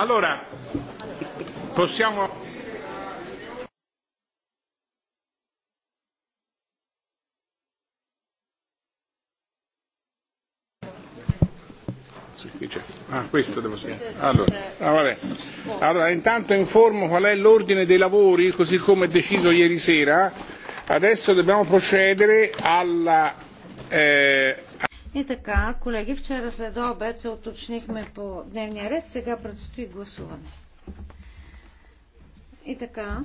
Allora, possiamo... Ah, questo devo allora, ah, vabbè. allora intanto informo qual è l'ordine dei lavori così come è deciso ieri sera. Adesso dobbiamo procedere alla, eh, и така, колеги, вчера след обед се уточнихме по дневния ред, сега предстои гласуване. И така,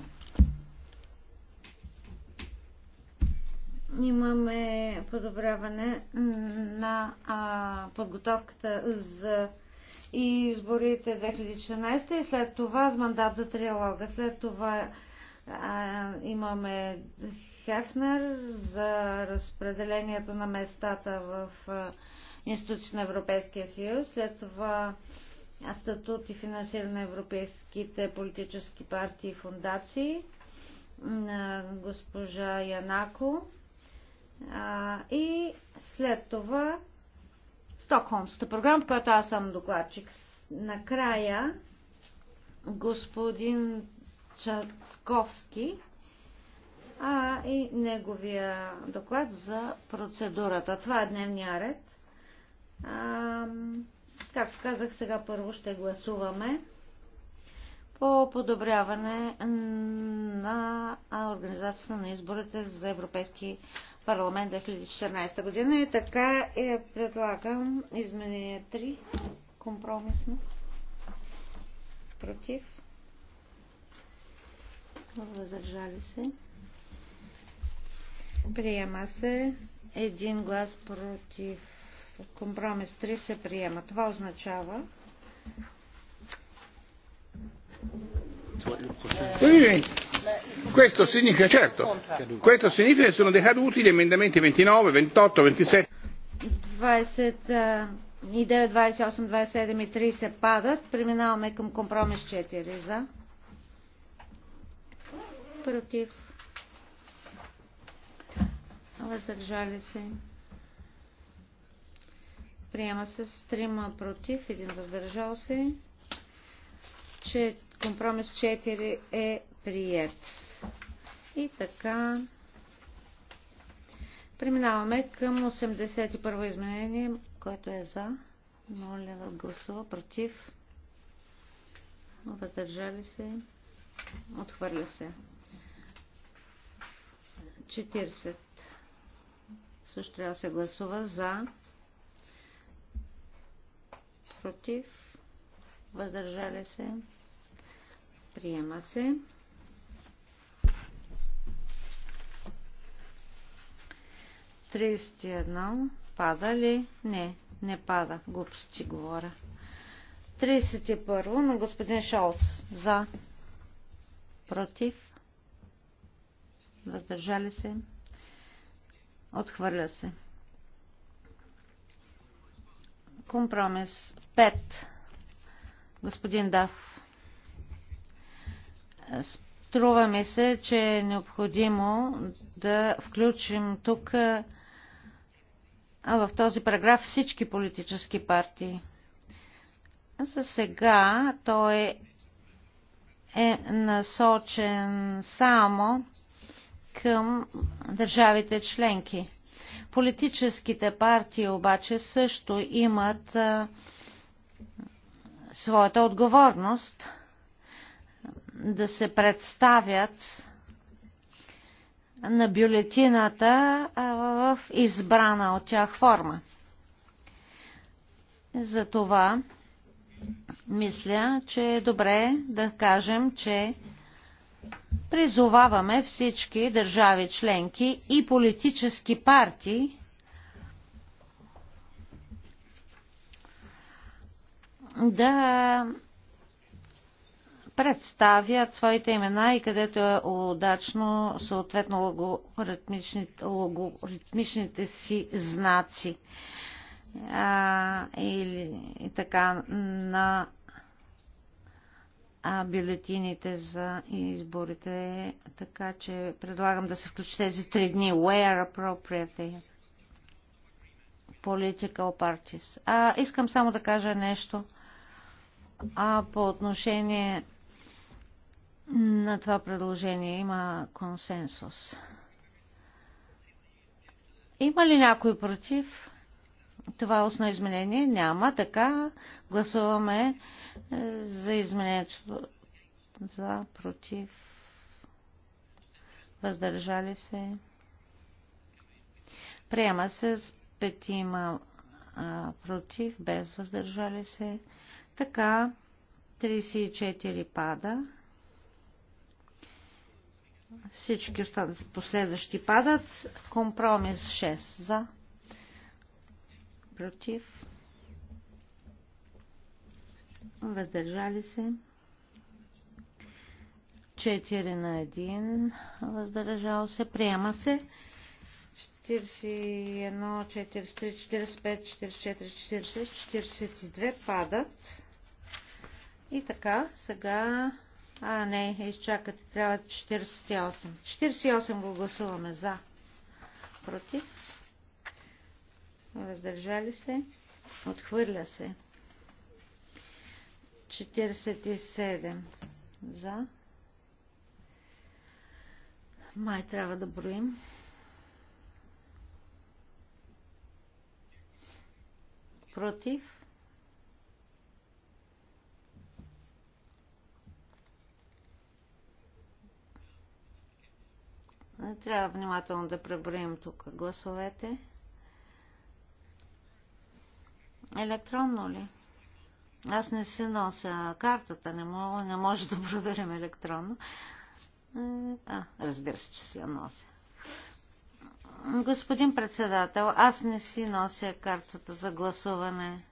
имаме подобряване на а, подготовката за изборите 2014 и след това с мандат за триалога. След това а, имаме Хефнер за разпределението на местата в Института на Европейския съюз. След това статут и финансиране на европейските политически партии и фундации на госпожа Янако. А, и след това Стокхолмската програма, в която аз съм докладчик. Накрая господин Чацковски а и неговия доклад за процедурата. Това е дневния ред. А, както казах, сега първо ще гласуваме по подобряване на организацията на изборите за Европейски парламент 2014 година. И така е, предлагам изменение 3 компромисно против въздържали се. Приема се един глас против компромис 3 се приема. Това означава Questo significa, certo, questo significa che sono decaduti gli emendamenti 29, 28, 27. 29, 28, 27 и 30 падат. Преминаваме con compromesso 4 за против, въздържали се. Приема се с трима против, един въздържал се, че компромис 4 е прият. И така. Преминаваме към 81 изменение, което е за. Моля да гласува против. Въздържали се. Отхвърля се. 40. Също трябва да се гласува за, против, въздържали се, приема се. Тридесет едно. Пада ли? Не, не пада. Глупости говоря. 31 на господин Шолц. За. Против въздържали се, отхвърля се. Компромис 5. Господин Дав, струва ми се, че е необходимо да включим тук а в този параграф всички политически партии. За сега той е насочен само към държавите членки. Политическите партии обаче също имат а, своята отговорност да се представят на бюлетината в избрана от тях форма. Затова мисля, че е добре да кажем, че призоваваме всички държави членки и политически партии да представят своите имена и където е удачно съответно логоритмичните си знаци а, или и така на а, бюлетините за изборите, така че предлагам да се включи тези три дни. Where appropriate political parties. А, искам само да кажа нещо а, по отношение на това предложение. Има консенсус. Има ли някой против? Това е изменение. Няма. Така гласуваме е, за изменението за, против, въздържали се. Приема се с петима против, без въздържали се. Така 34 пада. Всички последващи падат. Компромис 6 за, против, въздържали се. 4 на 1, въздържал се, приема се. 41, 43, 45, 44, 46, 42 падат. И така, сега... А, не, изчакате, трябва 48. 48 го гласуваме за. Против въздържали се, отхвърля се. 47 за. Май трябва да броим. Против. Трябва внимателно да преброим тук гласовете. Електронно ли? Аз не си нося картата, не, мога, не може да проверим електронно. А, разбира се, че си я нося. Господин председател, аз не си нося картата за гласуване.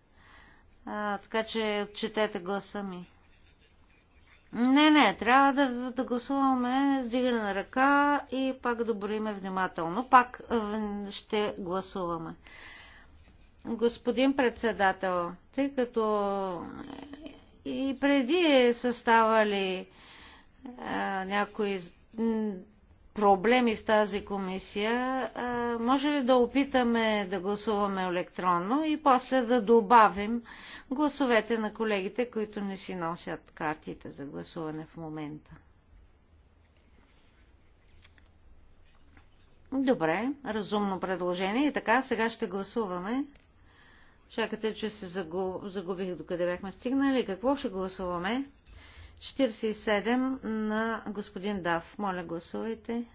А, така че четете гласа ми. Не, не, трябва да, да гласуваме с дигане на ръка и пак да броиме внимателно. Пак ще гласуваме. Господин председател, тъй като и преди са ставали а, някои проблеми в тази комисия, а, може ли да опитаме да гласуваме електронно и после да добавим гласовете на колегите, които не си носят картите за гласуване в момента? Добре, разумно предложение. И така, сега ще гласуваме. Чакате, че се загубих докъде бяхме стигнали. Какво ще гласуваме? 47 на господин Дав. Моля, гласувайте.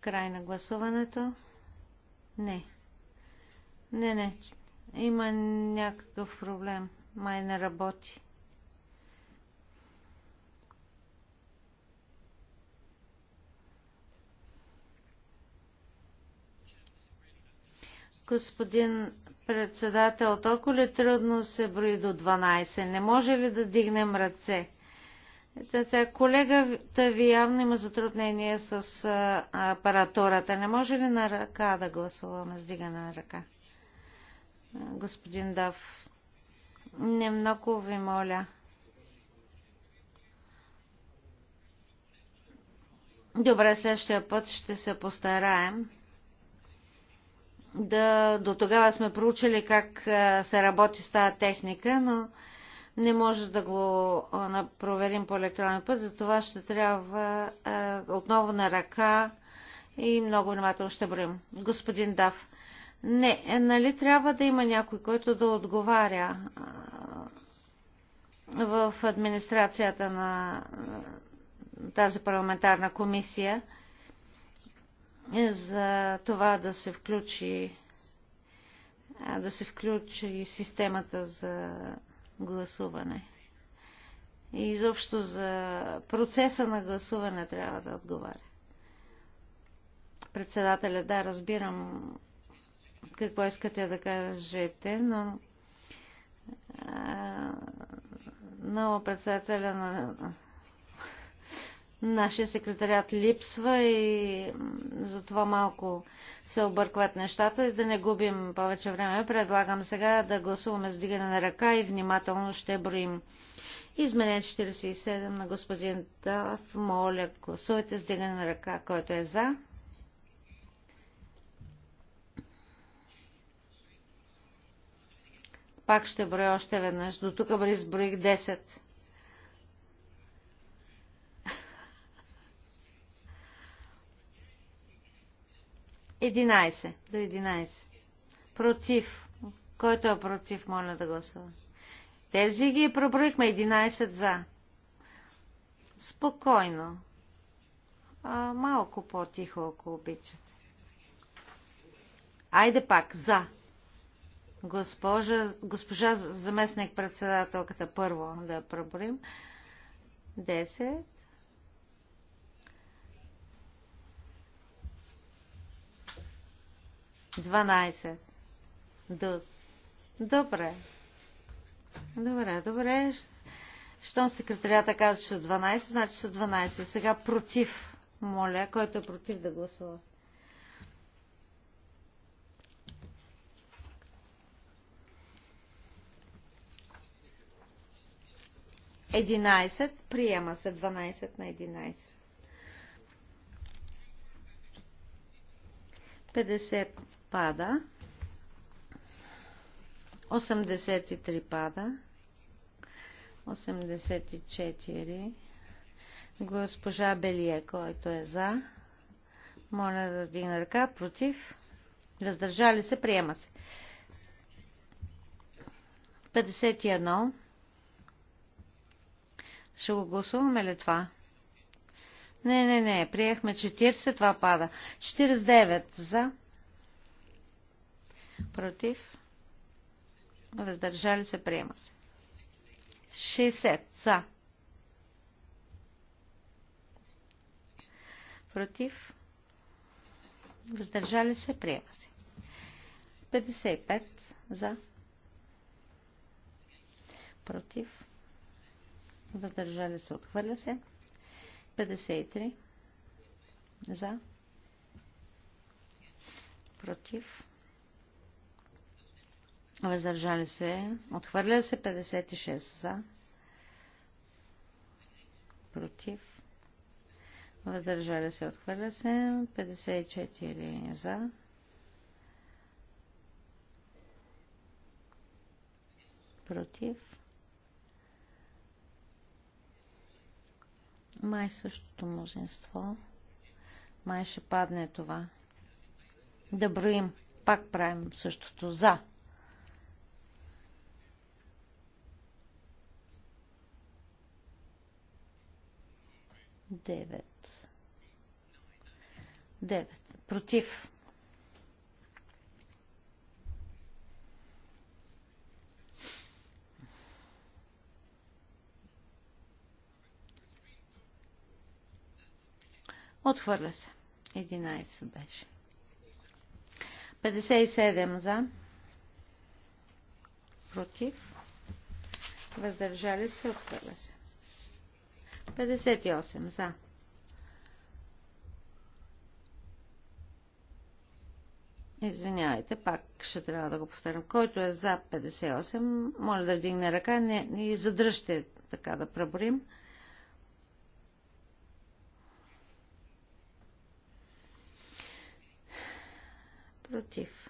Край на гласуването. Не. Не, не. Има някакъв проблем. Май не работи. Господин председател, толкова ли трудно се брои до 12? Не може ли да дигнем ръце? колегата ви явно има затруднение с а, апаратурата. Не може ли на ръка да гласуваме с дигане на ръка? Господин Дав, не много ви моля. Добре, следващия път ще се постараем да, до тогава сме проучили как се работи с тази техника, но не може да го проверим по електронен път, затова ще трябва отново на ръка и много внимателно ще броим. Господин Дав, не, нали трябва да има някой, който да отговаря в администрацията на тази парламентарна комисия? за това да се включи да се включи системата за гласуване. И изобщо за процеса на гласуване трябва да отговаря. Председателя, да, разбирам какво искате да кажете, но но председателя на Нашия секретарят липсва и затова малко се объркват нещата. И за да не губим повече време, предлагам сега да гласуваме с дигане на ръка и внимателно ще броим. Измене 47 на господин Дав. Моля, гласувайте с дигане на ръка, който е за. Пак ще броя още веднъж. До тук бъде изброих 10. 11. До 11. Против. Който е против, моля да гласува. Тези ги проброихме 11 за. Спокойно. А, малко по-тихо, ако обичате. Айде пак, за. Госпожа, госпожа заместник председателката първо да проборим. 10. 12. Дус. Добре. Добре, добре. Щом секретарията каза, че са 12, значи са 12. Сега против. Моля, който е против да гласува. Единайсет. Приема се 12 на 11. 50 пада. 83 пада. 84. Госпожа Белие, който е за. Моля да дигна ръка. Против. Въздържали се. Приема се. 51. Ще го гласуваме ли това? Не, не, не. Приехме 40. Това пада. 49 за против, въздържали се, приема се. 60 за, против, въздържали се, приема се. 55 за, против, въздържали се, отхвърля се. 53 за, против, въздържали се, отхвърля се 56 за, против, въздържали се, отхвърля се 54 за, против. Май същото мнозинство. Май ще падне това. Да броим. Пак правим същото за. 9. Против. Отхвърля се. 11 беше. 57 за. Против. Въздържали се. Отхвърля се. 58 за. Извинявайте, пак ще трябва да го повторям. Който е за 58, моля да вдигне ръка не, и задръжте така да преборим. Против.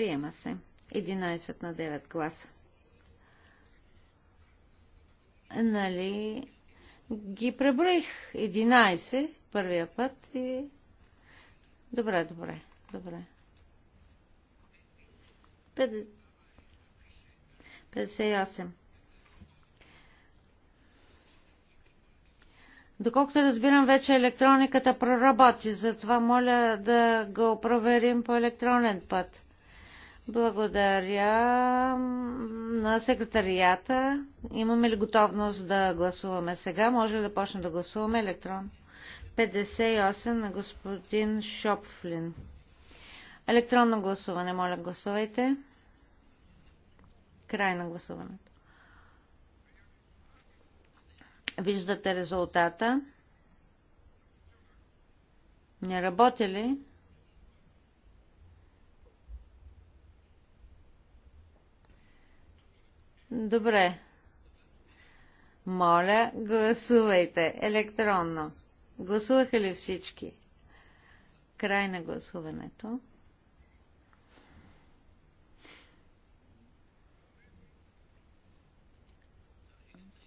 Приема се. 11 на 9 гласа. Нали, ги преброих 11 първия път и... Добре, добре, добре. 58. Доколкото разбирам, вече електрониката проработи, затова моля да го проверим по електронен път. Благодаря на секретарията. Имаме ли готовност да гласуваме сега? Може ли да почнем да гласуваме електрон? 58 на господин Шопфлин. Електронно гласуване, моля, гласувайте. Край на гласуването. Виждате резултата. Не работи ли? Добре. Моля, гласувайте електронно. Гласуваха ли всички? Край на гласуването.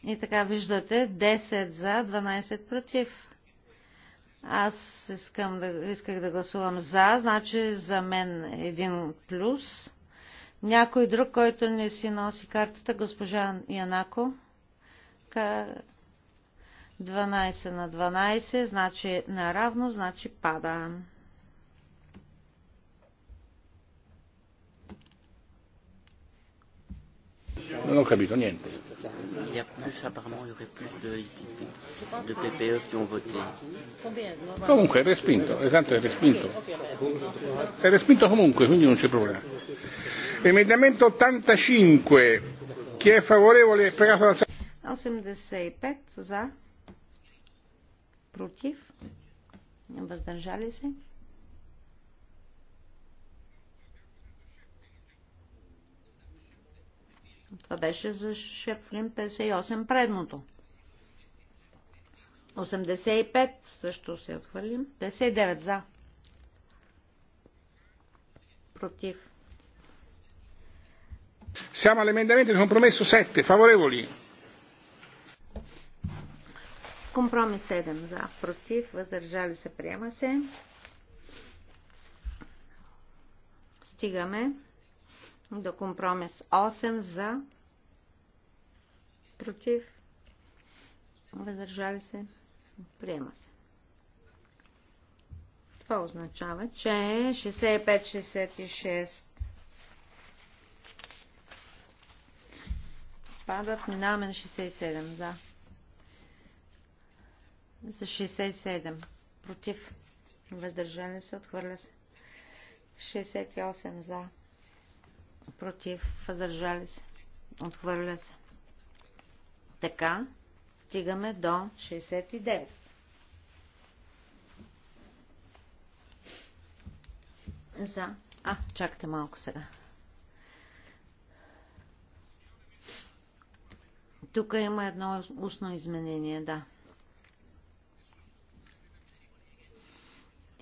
И така виждате 10 за, 12 против. Аз искам да, исках да гласувам за, значи за мен един плюс. Някой друг, който не си носи картата, госпожа Янако. 12 на 12, значи наравно, значи пада. Non ho capito niente. Il y a plus, apparemment, il y aurait plus de, de PPE qui ont voté. Comunque è respinto, e tanto è respinto. È respinto comunque, quindi non c'è problema. Emendamento 85, chi è favorevole è pregato dal 85 за, против, въздържали се. Това беше за Шефлин 58 предното. 85 също се отхвърлим. 59 за. Против. Siamo all'emendamento di compromesso 7, favorevoli. Компромис 7 за, против, въздържали се, приема се. Стигаме до компромис 8 за, против, въздържали се, приема се. Това означава, че 65-66 падат, минаваме на 67, да. За 67, против, въздържали се, отхвърля се. 68 за против, въздържали се, отхвърля се. Така, стигаме до 69. За. А, чакайте малко сега. Тук има едно устно изменение, да.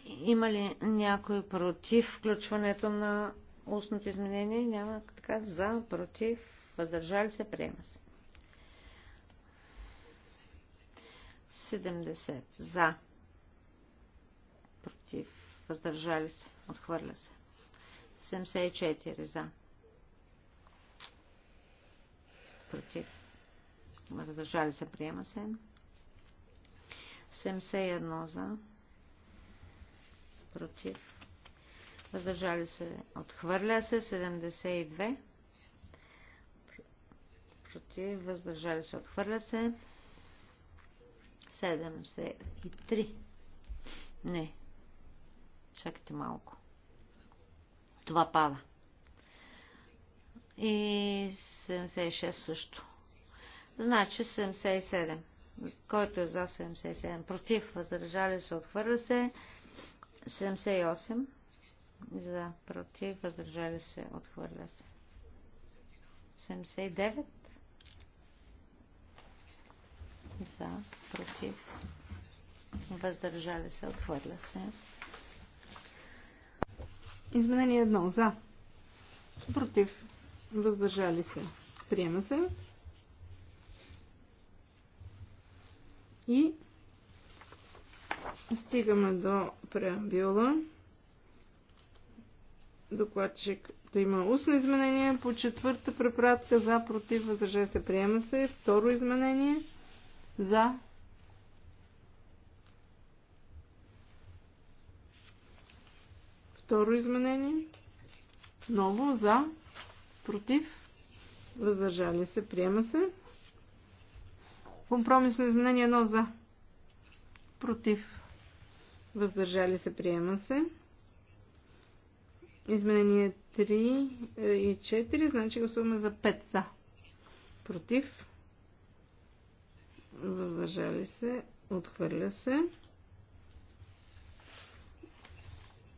Има ли някой против включването на устното изменение няма така за, против, въздържали се, приема се. 70 за, против, въздържали се, отхвърля се. 74 за, против, въздържали се, приема се. 71 за, против, въздържали се, отхвърля се 72, против, въздържали се, отхвърля се 73. Не. Чакайте малко. Това пада. И 76 също. Значи 77. Който е за 77. Против, въздържали се, отхвърля се. 78 за против, въздържали се, отхвърля се. 79 за против, въздържали се, отхвърля се. Изменение едно. за против, въздържали се, приема се. И стигаме до преамбюла. Докладчик да има устно изменение по четвърта препратка за, против, въздържа се, приема се. Второ изменение за, Второ изменение. Ново за, против, въздържали се, приема се. Компромисно изменение едно за, против, въздържали се, приема се. Изменение 3 е, и 4, значи гласуваме за 5 за. Против. Въздържали се. Отхвърля се.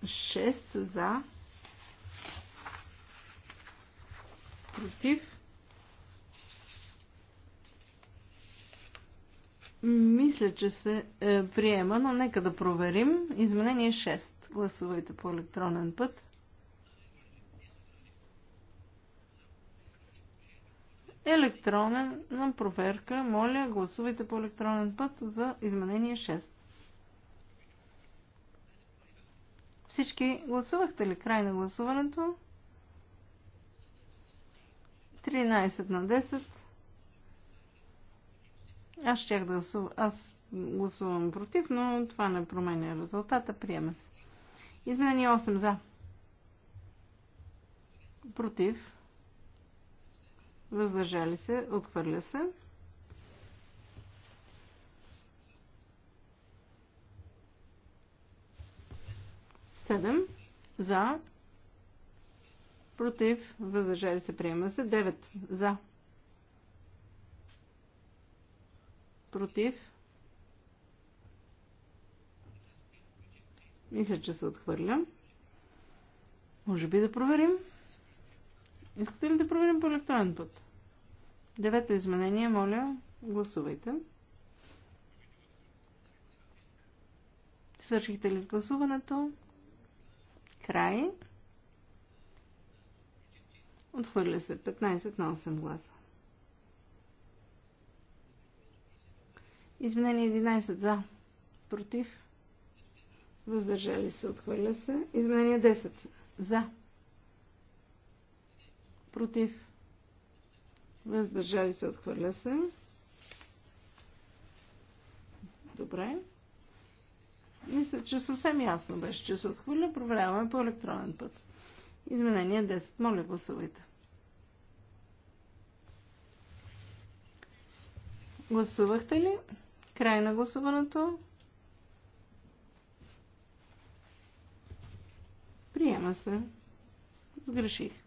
6 за. Против. Мисля, че се е, приема, но нека да проверим. Изменение 6. Гласувайте по електронен път. електронна проверка. Моля, гласувайте по електронен път за изменение 6. Всички гласувахте ли край на гласуването? 13 на 10. Аз щях да гласувам. Аз гласувам против, но това не променя резултата. Приема се. Изменение 8 за. Против въздържали се, отхвърля се. Седем за, против, въздържали се, приема се. Девет за, против. Мисля, че се отхвърля. Може би да проверим. Искате ли да проверим по електронен път? Девето изменение, моля, гласувайте. Свършихте ли гласуването? Край. Отхвърля се 15 на 8 гласа. Изменение 11 за. Против. Въздържали се. Отхвърля се. Изменение 10 за против, въздържали се, отхвърля се. Добре. Мисля, че съвсем ясно беше, че се отхвърля. Проверяваме по електронен път. Изменение 10. Моля, гласувайте. Гласувахте ли? Край на гласуването. Приема се. Сгреших.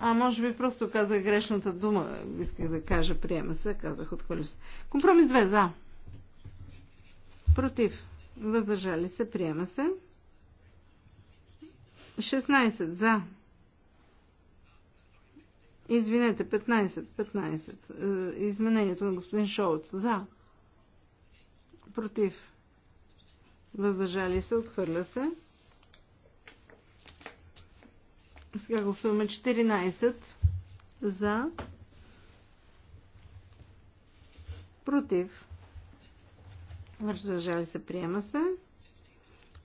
А, може би просто казах грешната дума. Исках да кажа приема се, казах от се. Компромис 2 за. Против. Въздържали се, приема се. 16 за. Извинете, 15. 15. Е, изменението на господин Шоуц. За. Против. Въздържали се, отхвърля се. Сега гласуваме 14 за, против, въздържали се, приема се.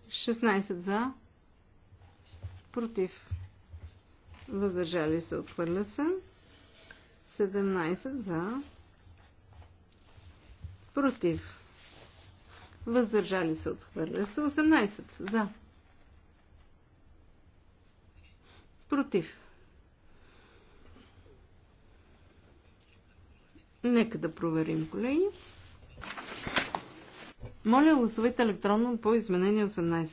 16 за, против, въздържали се, отхвърля се. 17 за, против, въздържали се, отхвърля се. 18 за, Против. Нека да проверим, колеги. Моля, гласувайте електронно по изменение 18.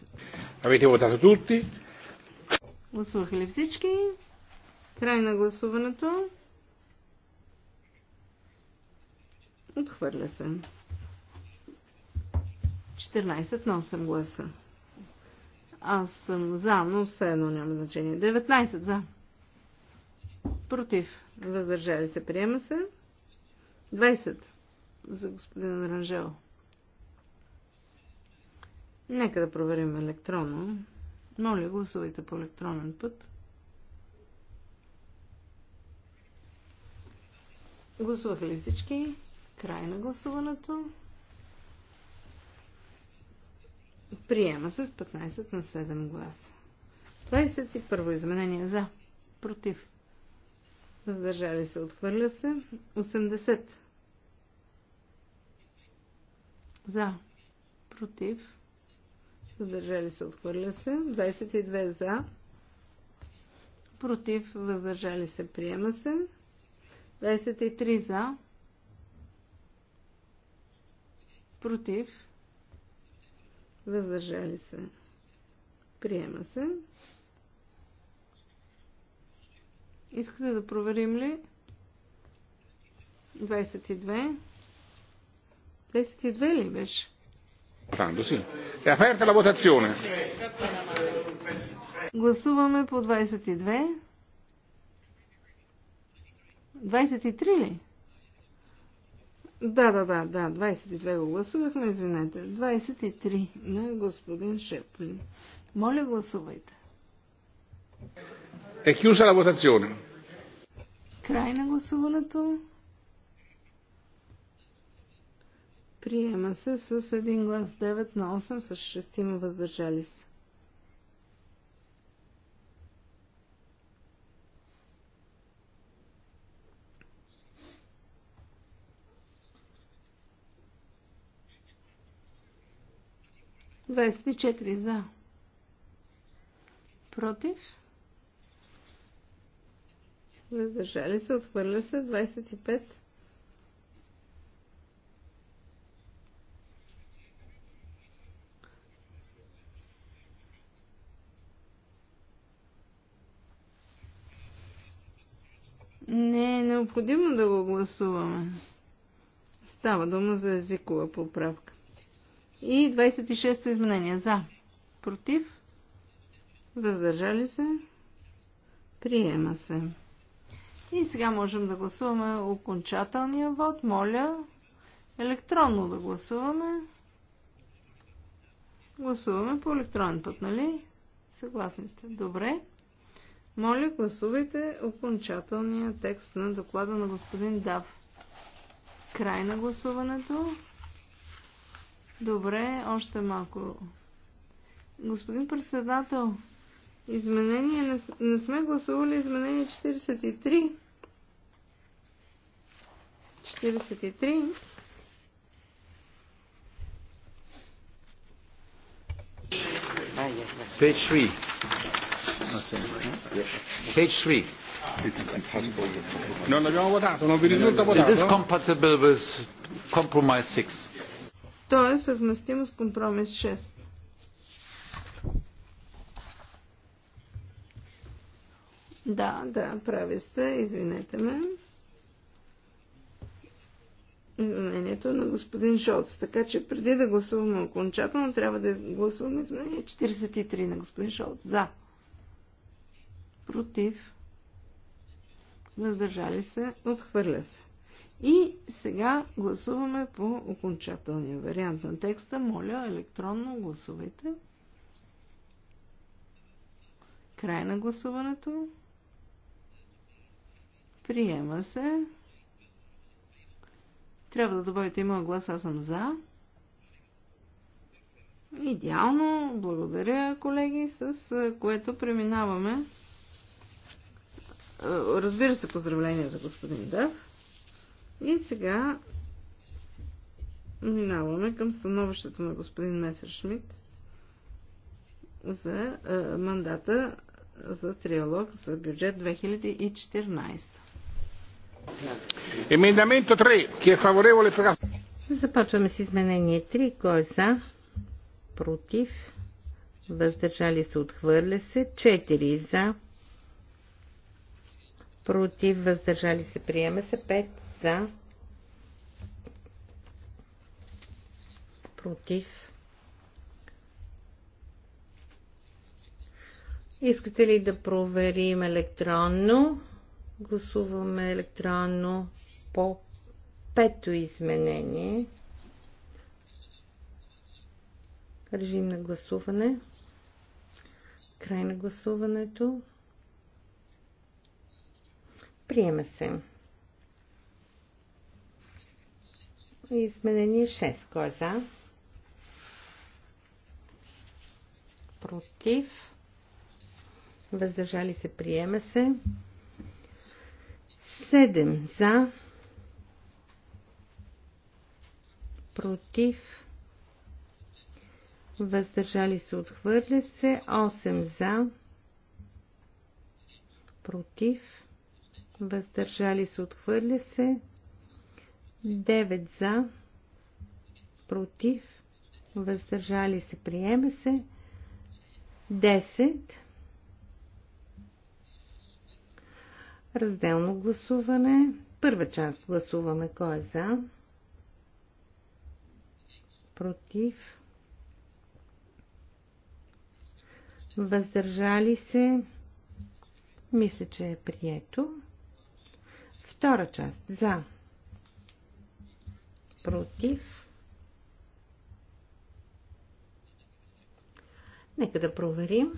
Avete votato tutti? Гласуваха ли всички? Край на гласуването. Отхвърля се. 14 на 8 гласа. Аз съм за, но все едно няма значение. 19 за. Против. Въздържали се. Приема се. 20 за господин Ранжел. Нека да проверим електронно. Моля, гласувайте по електронен път. Гласуваха ли всички? Край на гласуването. Приема се с 15 на 7 гласа. 21 изменение за. Против. Въздържали се. Отхвърля се. 80. За. Против. Въздържали се. Отхвърля се. 22 за. Против. Въздържали се. Приема се. 23 за. Против въздържали се. Приема се. Искате да проверим ли? 22. 22 ли беше? Танто си. Е аферта la votazione. Гласуваме по 22. 23 ли? Да, да, да, да, 22 го гласувахме, извинете. 23 на господин Шеплин. Моля, гласувайте. Е chiusa на votazione. Край на гласуването. Приема се с един глас 9 на 8 с 6 въздържали се. 24 за. Против. Въздържали се, отхвърля се. 25. Не е необходимо да го гласуваме. Става дума за езикова поправка. И 26-то изменение. За. Против. Въздържали се. Приема се. И сега можем да гласуваме окончателния вод. Моля електронно да гласуваме. Гласуваме по електронен път, нали? Съгласни сте. Добре. Моля, гласувайте окончателния текст на доклада на господин Дав. Край на гласуването. Добре, още малко. Господин председател, изменение, не сме гласували изменение 43. 43. Page 3. Page 3. Is this compatible with compromise 6? То е съвместимо с компромис 6. Да, да, прави сте, извинете ме. Изменението е на господин Шолц. Така че преди да гласуваме окончателно, трябва да гласуваме изменение 43 на господин Шолц. За. Против. Въздържали се. Отхвърля се. И сега гласуваме по окончателния вариант на текста. Моля, електронно гласувайте. Край на гласуването. Приема се. Трябва да добавите и моя глас, аз съм за. Идеално, благодаря колеги, с което преминаваме. Разбира се, поздравления за господин Дав. И сега минаваме към становището на господин Месершмит за е, мандата за триалог за бюджет 2014. Емендаменто 3, е фавореволе Започваме с изменение 3. Кой е за? Против? Въздържали се? Отхвърля се. 4 за. Против? Въздържали се? Приема се. 5 за, против. Искате ли да проверим електронно? Гласуваме електронно по пето изменение. Режим на гласуване. Край на гласуването. Приема се. Изменение 6. Кой е за? Против. Въздържали се. Приема се. 7 за. Против. Въздържали се. Отхвърля се. 8 за. Против. Въздържали се. Отхвърля се. 9 за, против, въздържали се, приема се. 10. Разделно гласуване. Първа част гласуваме кой е за, против, въздържали се, мисля, че е прието. Втора част за, против. Нека да проверим.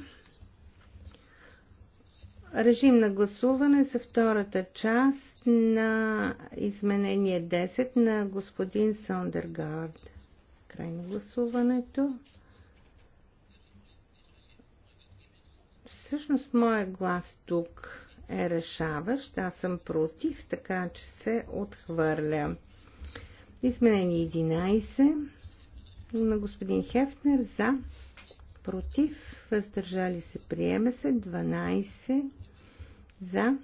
Режим на гласуване за втората част на изменение 10 на господин Сондергард. Край на гласуването. Всъщност, моят глас тук е решаващ. Аз съм против, така че се отхвърля. Изменение 11 на господин Хефнер за, против, въздържали се, приема се, 12 за,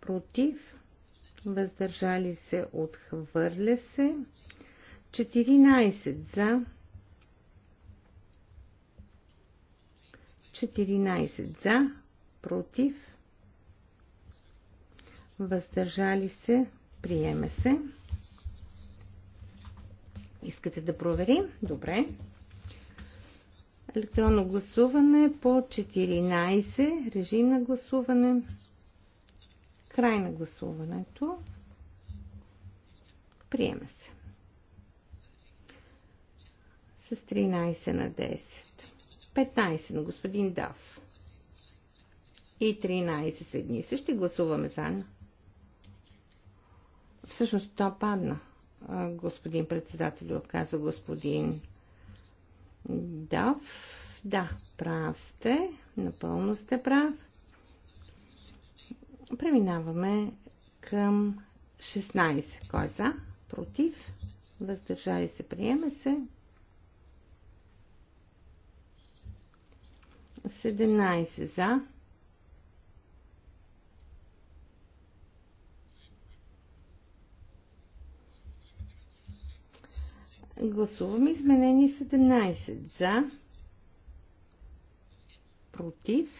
против, въздържали се, отхвърля се, 14 за, 14 за, против, въздържали се, приема се. Искате да проверим? Добре. Електронно гласуване по 14. Режим на гласуване. Край на гласуването. Приема се. С 13 на 10. 15 на господин Дав. И 13 с едни. Ще гласуваме заедно. Всъщност това падна господин председател, каза господин Дав. Да, прав сте, напълно сте прав. Преминаваме към 16. Кой е за? Против? Въздържали се? Приема се. 17 за. Гласуваме изменение 17. За. Против.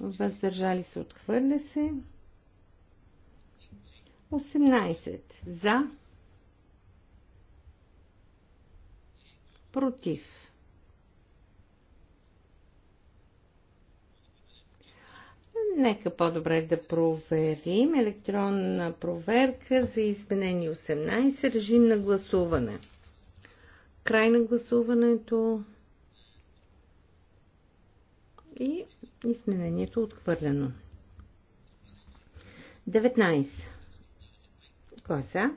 Въздържали се. Отхвърля се. 18. За. Против. Нека по-добре да проверим електронна проверка за изменение 18, режим на гласуване. Край на гласуването и изменението е отхвърлено. 19. Кой е за?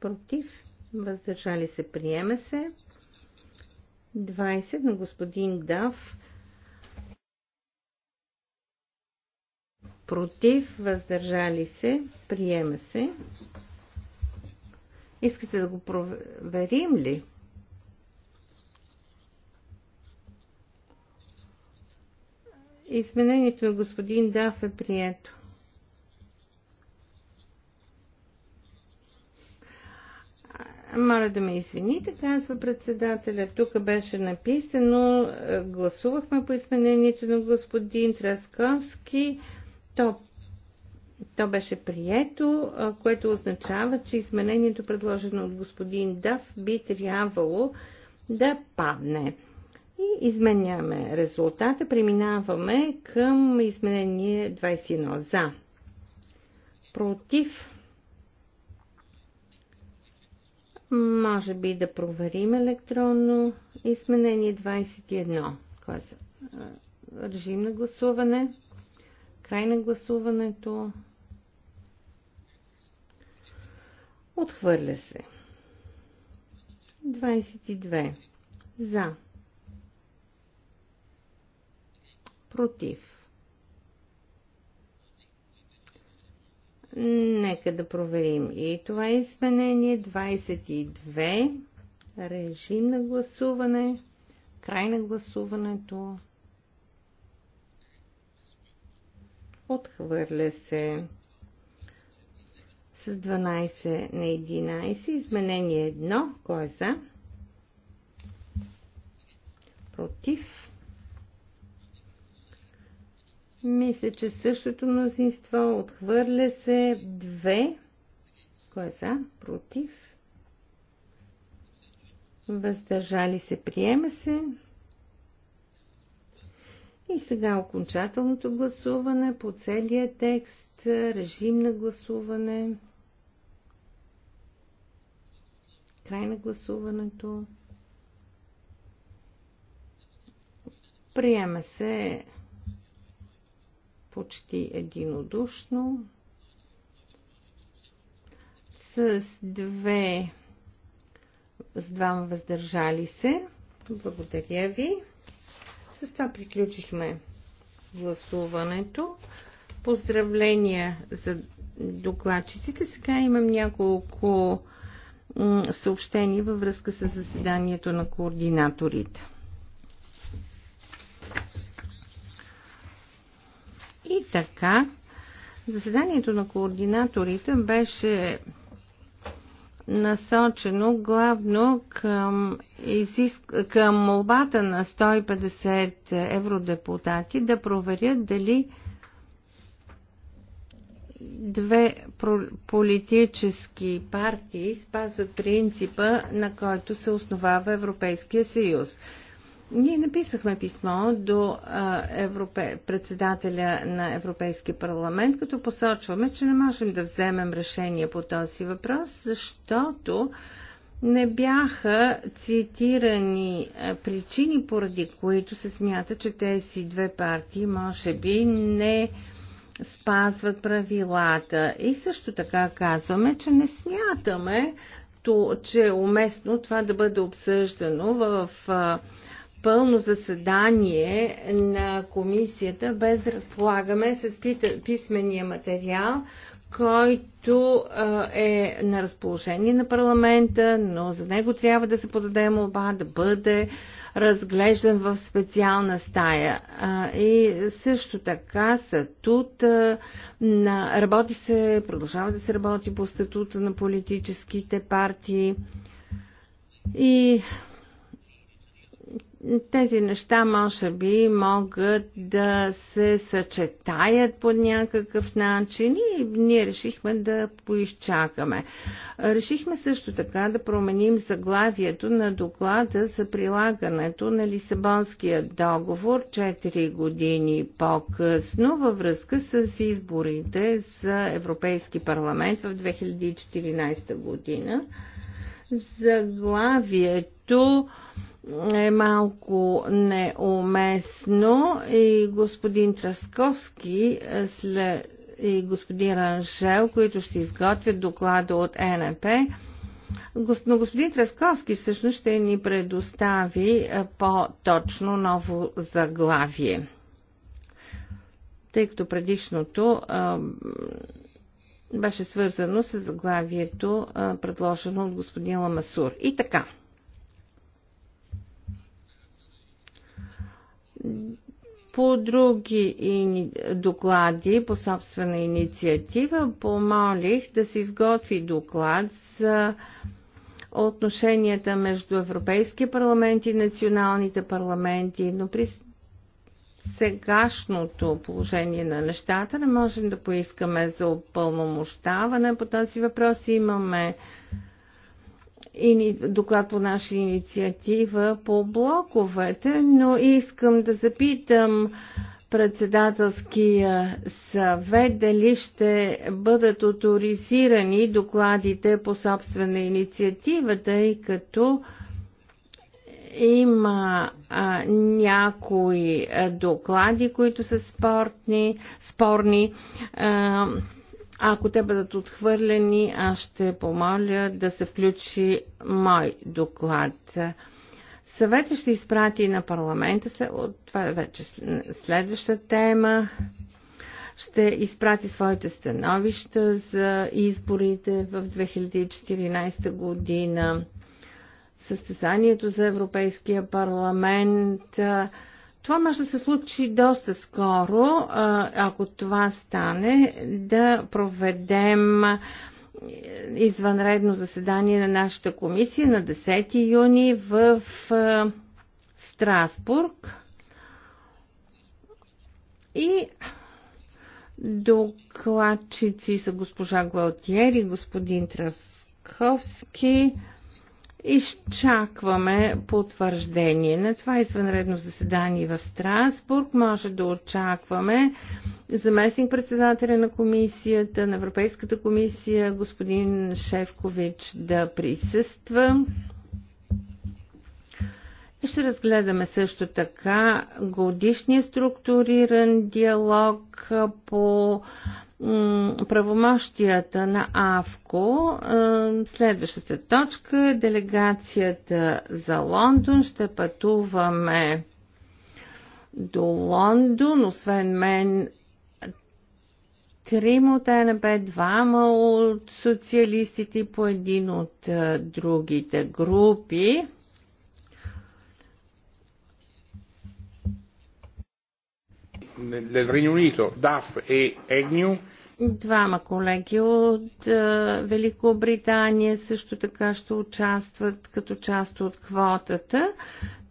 Против. Въздържали се. Приема се. 20 на господин Дав против, въздържали се, приема се. Искате да го проверим ли? Изменението на господин Даф е прието. Моля да ме извините, казва председателя. Тук беше написано, е, гласувахме по изменението на господин Трасковски. То, то беше прието, което означава, че изменението, предложено от господин Дав, би трябвало да падне. И изменяме резултата, преминаваме към изменение 21 за. Против. Може би да проверим електронно изменение 21. Е режим на гласуване. Край на гласуването. Отхвърля се. 22. За. Против. Нека да проверим и това е изменение. 22. Режим на гласуване. Край на гласуването. Отхвърля се с 12 на 11. Изменение 1. Кой е за? Против. Мисля, че същото мнозинство отхвърля се 2. Кой е за? Против. Въздържали се. Приема се. И сега окончателното гласуване по целия текст, режим на гласуване, край на гласуването. Приема се почти единодушно с две с двама въздържали се. Благодаря ви. С това приключихме гласуването. Поздравления за докладчиците. Сега имам няколко съобщения във връзка с заседанието на координаторите. И така, заседанието на координаторите беше насочено главно към, изиск... към молбата на 150 евродепутати да проверят дали две политически партии спазват принципа, на който се основава Европейския съюз. Ние написахме писмо до европе... председателя на Европейския парламент, като посочваме, че не можем да вземем решение по този въпрос, защото не бяха цитирани причини, поради които се смята, че тези две партии може би не спазват правилата. И също така казваме, че не смятаме, че е уместно това да бъде обсъждано в пълно заседание на комисията, без да разполагаме с писмения материал, който е на разположение на парламента, но за него трябва да се подаде молба да бъде разглеждан в специална стая. И също така статут на... Работи се, продължава да се работи по статута на политическите партии. И тези неща може би могат да се съчетаят по някакъв начин и ние решихме да поизчакаме. Решихме също така да променим заглавието на доклада за прилагането на Лисабонския договор 4 години по-късно във връзка с изборите за Европейски парламент в 2014 година. Заглавието е малко неуместно и господин Трасковски е, след, и господин Ранжел, които ще изготвят доклада от НП, но господин Трасковски всъщност ще ни предостави е, по-точно ново заглавие. Тъй като предишното е, беше свързано с заглавието, предложено от господин Ламасур. И така. по други доклади, по собствена инициатива, помолих да се изготви доклад за отношенията между Европейския парламент и националните парламенти, но при сегашното положение на нещата не можем да поискаме за опълномощаване по този въпрос. Имаме доклад по наша инициатива по блоковете, но искам да запитам председателския съвет дали ще бъдат авторизирани докладите по собствена инициатива, тъй като има а, някои доклади, които са спортни, спорни. А, ако те бъдат отхвърлени, аз ще помоля да се включи мой доклад. Съветът ще изпрати на парламента, това е вече следваща тема, ще изпрати своите становища за изборите в 2014 година, състезанието за Европейския парламент, това може да се случи доста скоро, ако това стане, да проведем извънредно заседание на нашата комисия на 10 юни в Страсбург. И докладчици са госпожа и господин Трасковски изчакваме потвърждение на това извънредно заседание в Страсбург. Може да очакваме заместник председателя на комисията, на Европейската комисия, господин Шевкович да присъства. Ще разгледаме също така годишния структуриран диалог по правомощията на АВКО. Следващата точка е делегацията за Лондон. Ще пътуваме до Лондон. Освен мен трима от НБ, двама от социалистите по един от другите групи. del Regno Unito, e Двама колеги от е, Великобритания също така ще участват като част от квотата,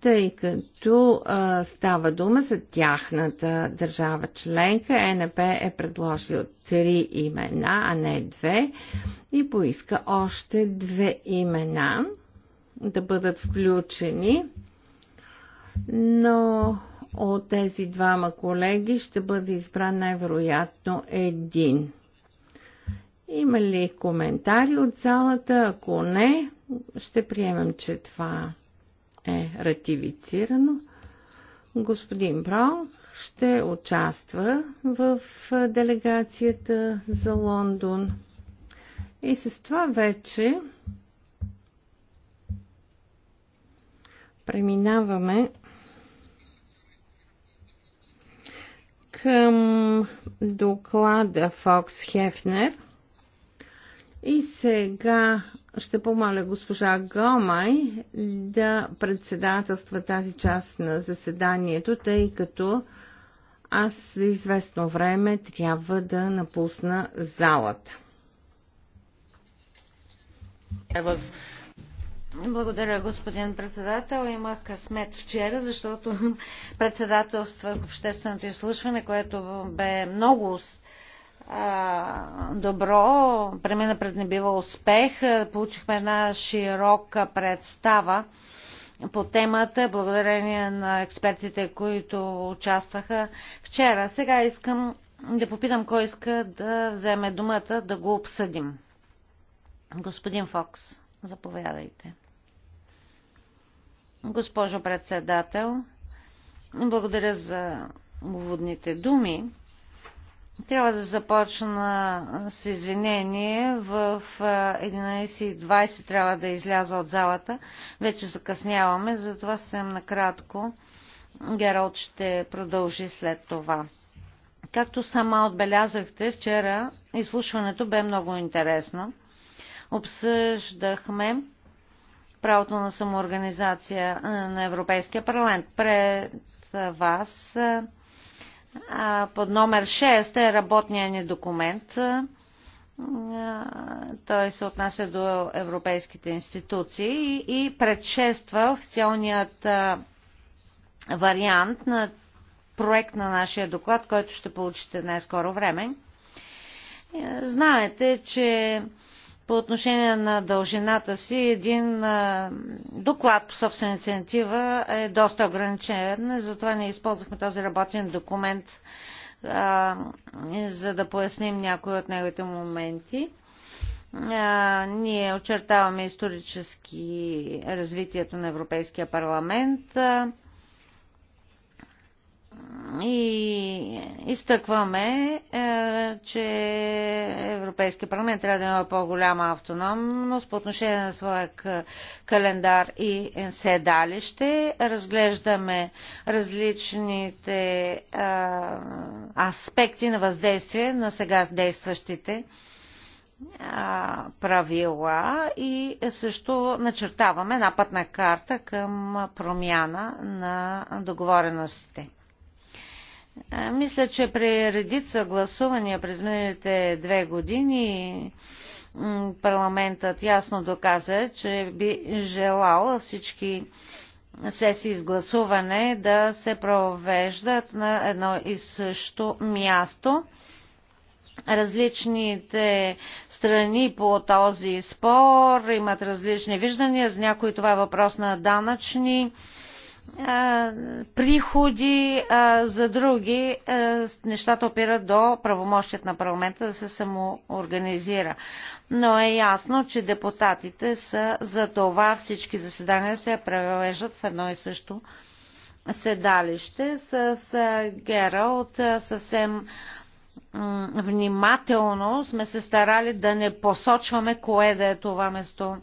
тъй като а, е, става дума за тяхната държава членка. Е НП е предложил три имена, а не две и поиска още две имена да бъдат включени. Но от тези двама колеги ще бъде избран най-вероятно един. Има ли коментари от залата? Ако не, ще приемем, че това е ратифицирано. Господин Браун ще участва в делегацията за Лондон. И с това вече преминаваме към доклада Фокс Хефнер. И сега ще помоля госпожа Гомай да председателства тази част на заседанието, тъй като аз за известно време трябва да напусна залата. I was благодаря, господин председател. Имах късмет вчера, защото председателствах общественото изслушване, което бе много добро, премина пред не бива успех. Получихме една широка представа по темата, благодарение на експертите, които участваха вчера. Сега искам да попитам кой иска да вземе думата да го обсъдим. Господин Фокс, заповядайте. Госпожо председател, благодаря за уводните думи. Трябва да започна с извинение. В 11.20 трябва да изляза от залата. Вече закъсняваме, затова съм накратко. Гералт ще продължи след това. Както сама отбелязахте, вчера изслушването бе много интересно. Обсъждахме правото на самоорганизация на Европейския парламент. Пред вас под номер 6 е работния ни документ. Той се отнася до европейските институции и предшества официалният вариант на проект на нашия доклад, който ще получите най-скоро време. Е, знаете, че по отношение на дължината си, един доклад по собствена инициатива е доста ограничен, затова ние използвахме този работен документ, за да поясним някои от неговите моменти. Ние очертаваме исторически развитието на Европейския парламент и изтъкваме, е, че Европейския парламент трябва да има по-голяма автономност по отношение на своя календар и седалище. Разглеждаме различните е, аспекти на въздействие на сега действащите е, правила и също начертаваме една пътна карта към промяна на договореностите. Мисля, че при редица гласувания през миналите две години парламентът ясно доказа, че би желал всички сесии с гласуване да се провеждат на едно и също място. Различните страни по този спор имат различни виждания. За някои това е въпрос на данъчни приходи за други, нещата опират до правомощият на парламента да се самоорганизира. Но е ясно, че депутатите са за това всички заседания се превеждат в едно и също седалище. С Гера Гералт съвсем внимателно сме се старали да не посочваме кое да е това место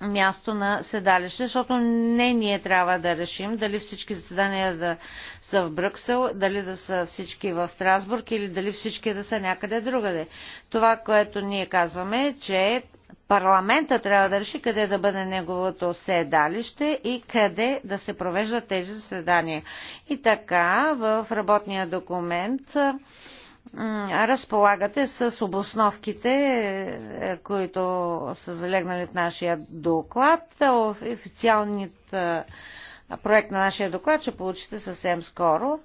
място на седалище, защото не ние трябва да решим дали всички заседания да са в Брюксел, дали да са всички в Страсбург или дали всички да са някъде другаде. Това, което ние казваме е, че парламента трябва да реши къде да бъде неговото седалище и къде да се провеждат тези заседания. И така в работния документ разполагате с обосновките, е, които са залегнали в нашия доклад. Официалният е, проект на нашия доклад ще получите съвсем скоро.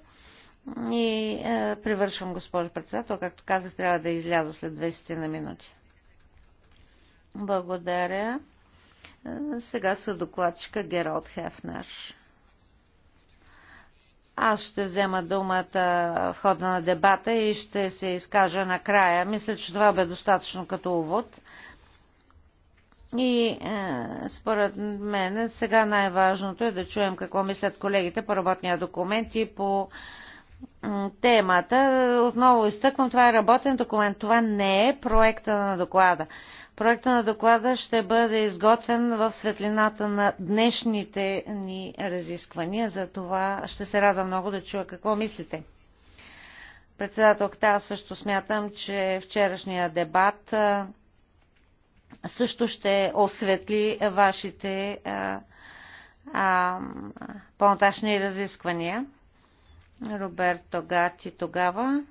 И е, привършвам, госпожо председател. Както казах, трябва да изляза след 20 на минути. Благодаря. Е, сега са докладчика Герод Хефнер. Аз ще взема думата в хода на дебата и ще се изкажа накрая. Мисля, че това бе достатъчно като увод. И е, според мен сега най-важното е да чуем какво мислят колегите по работния документ и по темата. Отново изтъквам, това е работен документ, това не е проекта на доклада. Проекта на доклада ще бъде изготвен в светлината на днешните ни разисквания. За това ще се рада много да чуя какво мислите. Председателката, аз също смятам, че вчерашния дебат също ще осветли вашите по-нататъчни разисквания. Роберто Гати тогава.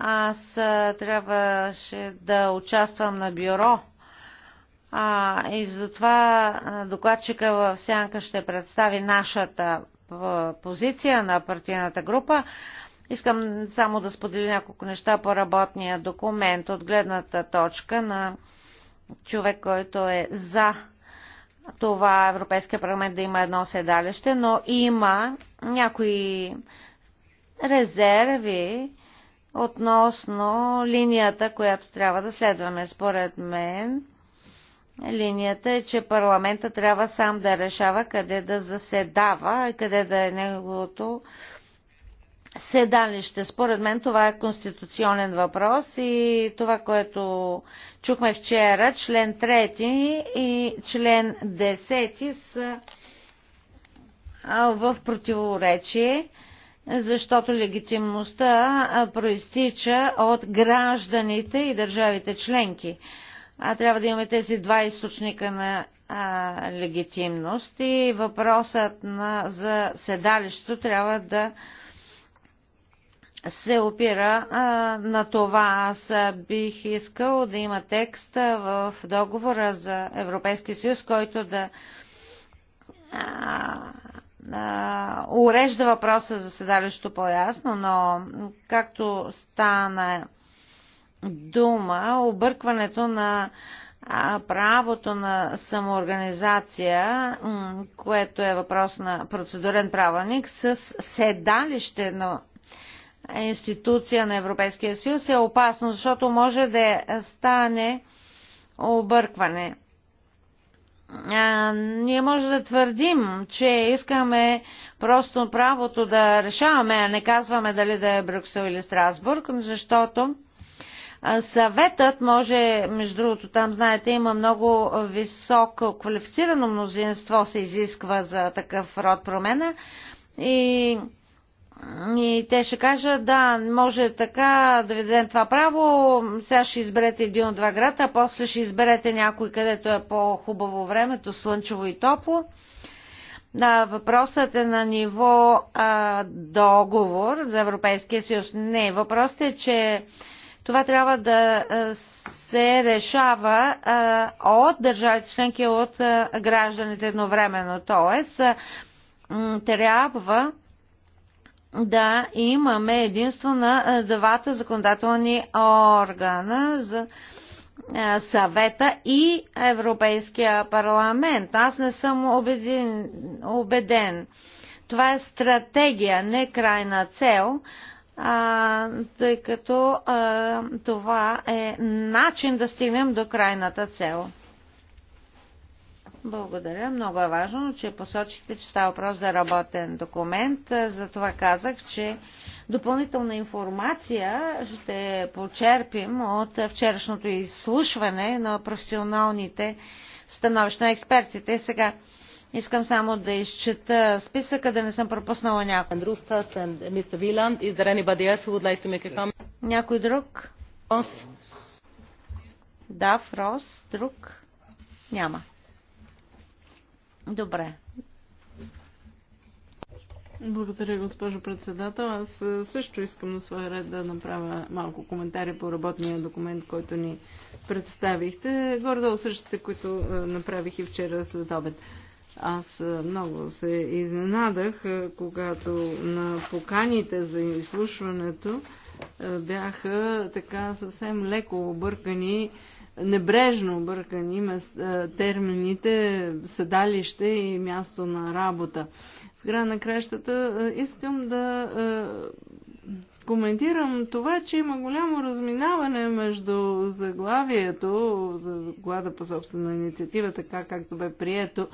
Аз трябваше да участвам на бюро а, и затова докладчика в Сянка ще представи нашата позиция на партийната група. Искам само да споделя няколко неща по работния документ от гледната точка на човек, който е за това Европейския парламент да има едно седалище, но има някои резерви относно линията, която трябва да следваме. Според мен, линията е, че парламента трябва сам да решава къде да заседава и къде да е неговото седалище. Според мен това е конституционен въпрос и това, което чухме вчера, член 3 и член 10 са в противоречие защото легитимността проистича от гражданите и държавите членки. А трябва да имаме тези два източника на а, легитимност и въпросът на, за седалището трябва да се опира а, на това. Аз бих искал да има текст в договора за Европейския съюз, който да урежда въпроса за седалището по-ясно, но както стана дума, объркването на правото на самоорганизация, което е въпрос на процедурен правилник, с седалище на институция на Европейския съюз е опасно, защото може да е, стане объркване а, ние може да твърдим, че искаме просто правото да решаваме, а не казваме дали да е Брюксел или Страсбург, защото съветът може, между другото там знаете, има много високо квалифицирано мнозинство се изисква за такъв род промена и и те ще кажат, да, може така да ви дадем това право, сега ще изберете един от два града, а после ще изберете някой, където е по-хубаво времето, слънчево и топло. Да, въпросът е на ниво а, договор за Европейския съюз. Не, въпросът е, че това трябва да се решава а, от държавите членки, от а, гражданите едновременно. Тоест, а, трябва да имаме единство на е, двата законодателни органа за е, съвета и Европейския парламент. Аз не съм убеден. убеден. Това е стратегия, не крайна цел, а, тъй като а, това е начин да стигнем до крайната цел. Благодаря. Много е важно, че посочихте, че става въпрос за работен документ. Затова казах, че допълнителна информация ще почерпим от вчерашното изслушване на професионалните становища на експертите. Сега искам само да изчета списъка, да не съм пропуснала някой. Някой друг? Да, Фрос, друг? Няма. Добре. Благодаря, госпожо председател. Аз е, също искам на своя ред да направя малко коментари по работния документ, който ни представихте. Горе-долу същите, които е, направих и вчера след обед. Аз е, много се изненадах, когато на поканите за изслушването бяха така съвсем леко объркани небрежно объркани термините седалище и място на работа. В края на кращата искам да коментирам това, че има голямо разминаване между заглавието, заглада по собствена инициатива, така както бе прието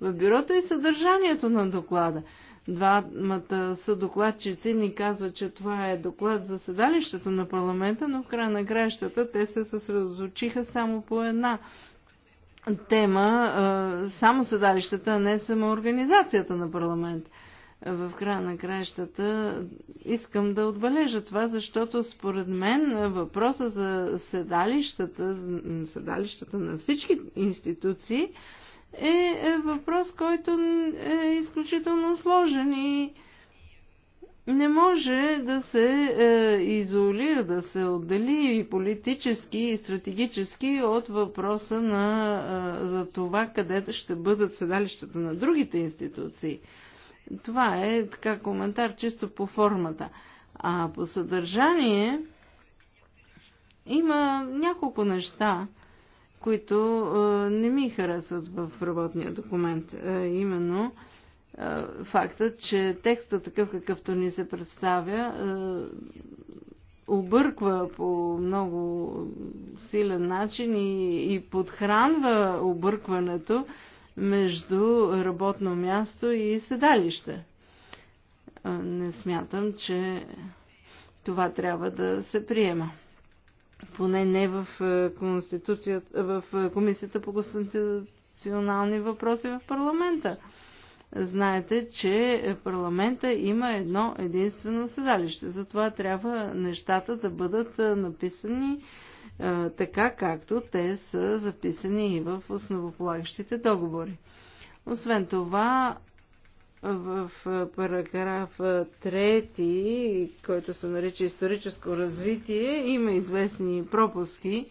в бюрото и съдържанието на доклада. Двамата са докладчици ни казват, че това е доклад за седалището на парламента, но в края на краищата те се съсредоточиха само по една тема, само седалищата, а не само организацията на парламент. В края на краищата искам да отбележа това, защото според мен въпроса за седалищата, седалищата на всички институции, е, е въпрос, който е изключително сложен и не може да се е, изолира, да се отдели и политически, и стратегически от въпроса на, е, за това къде ще бъдат седалищата на другите институции. Това е така коментар чисто по формата. А по съдържание има няколко неща, които не ми харесват в работния документ. а Именно фактът, че текстът такъв какъвто ни се представя обърква по много силен начин и, и подхранва объркването между работно място и седалище. Не смятам, че това трябва да се приема поне не в, е, е, в е, Комисията по конституционални въпроси в парламента. Знаете, че парламента има едно единствено седалище. Затова трябва нещата да бъдат написани така, както те са записани и в основополагащите договори. Освен това, в параграф 3, който се нарича историческо развитие, има известни пропуски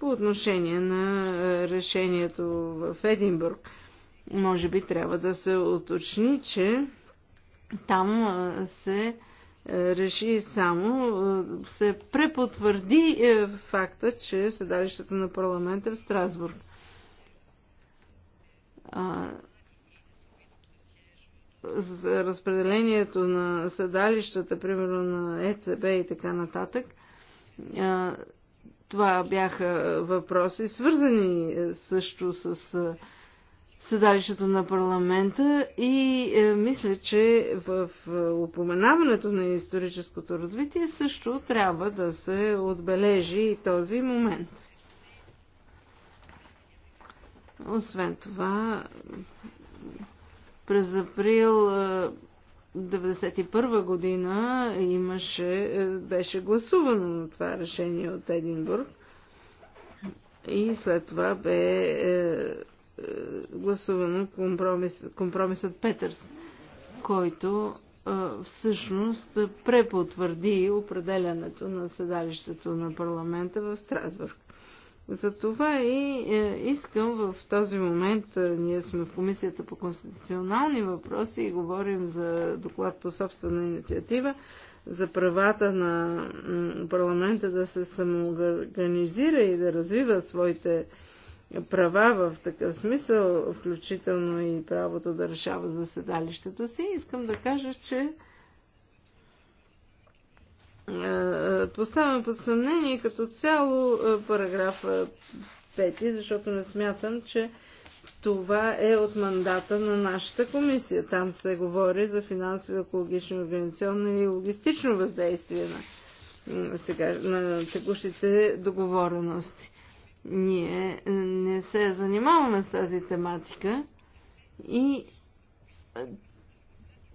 по отношение на решението в Единбург. Може би трябва да се уточни, че там се реши само, се препотвърди факта, че седалището на парламента е в Страсбург разпределението на седалищата, примерно на ЕЦБ и така нататък, това бяха въпроси, свързани е, също с е, седалището на парламента и е, мисля, че в упоменаването на историческото развитие също трябва да се отбележи и този момент. Освен това, през април 1991 е, година имаше, е, беше гласувано на това решение от Единбург и след това бе е, е, гласувано компромис, компромисът Петърс, който е, всъщност препотвърди определянето на седалището на парламента в Страсбург. Затова и е, искам в този момент, е, ние сме в Комисията по конституционални въпроси и говорим за доклад по собствена инициатива, за правата на парламента да се самоорганизира и да развива своите права в такъв смисъл, включително и правото да решава заседалището си, искам да кажа, че е, е, поставям под съмнение като цяло е, параграф 5, защото не смятам, че това е от мандата на нашата комисия. Там се говори за финансово, екологично, организационно и логистично въздействие на, сега, на текущите договорености. Ние не се занимаваме с тази тематика и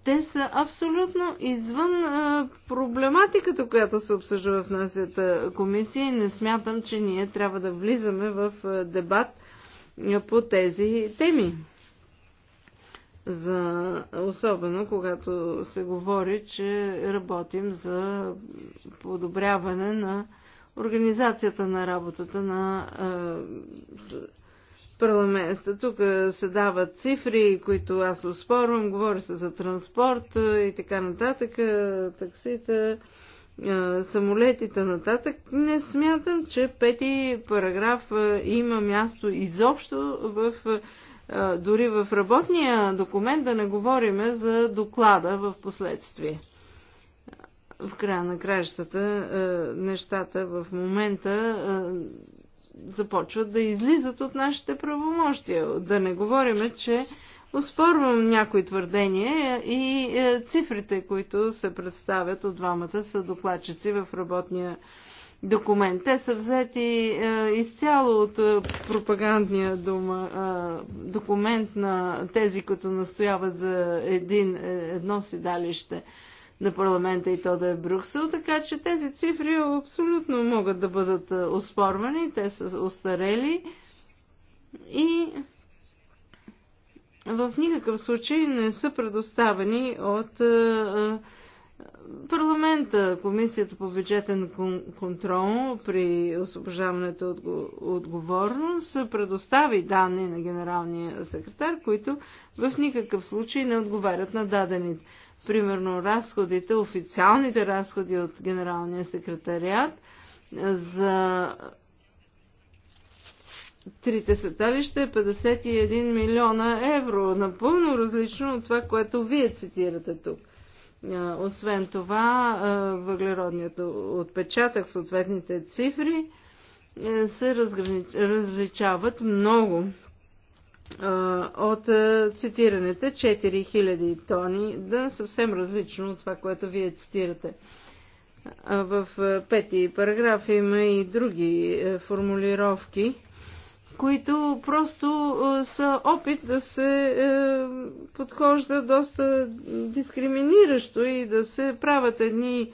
те са абсолютно извън а, проблематиката, която се обсъжда в нашата комисия и не смятам, че ние трябва да влизаме в а, дебат а, по тези теми. За, особено когато се говори, че работим за подобряване на организацията на работата на а, парламента. Тук е, се дават цифри, които аз оспорвам. Говори се за транспорт е, и така нататък, е, таксита, самолетите нататък. Не смятам, че пети параграф има място изобщо в дори в работния документ да не говориме за доклада в последствие. В края на краищата нещата в момента започват да излизат от нашите правомощия. Да не говорим, че Оспорвам някои твърдения и е, цифрите, които се представят от двамата са докладчици в работния документ. Те са взети е, изцяло от е, пропагандния дума, документ на тези, които настояват за един, едно седалище на парламента и то да е Брюксел, така че тези цифри абсолютно могат да бъдат е, оспорвани, те са остарели и в никакъв случай не са предоставени от е, е, парламента, комисията по бюджетен контрол при освобождаването от отговорност предостави данни на генералния секретар, които в никакъв случай не отговарят на дадените примерно разходите, официалните разходи от Генералния секретариат за трите сеталища е 51 милиона евро. Напълно различно от това, което вие цитирате тук. Освен това, въглеродният отпечатък, съответните цифри е, се различават много от цитираните 4000 тони, да съвсем различно от това, което вие цитирате. В пети параграф има и други формулировки, които просто са опит да се подхожда доста дискриминиращо и да се правят едни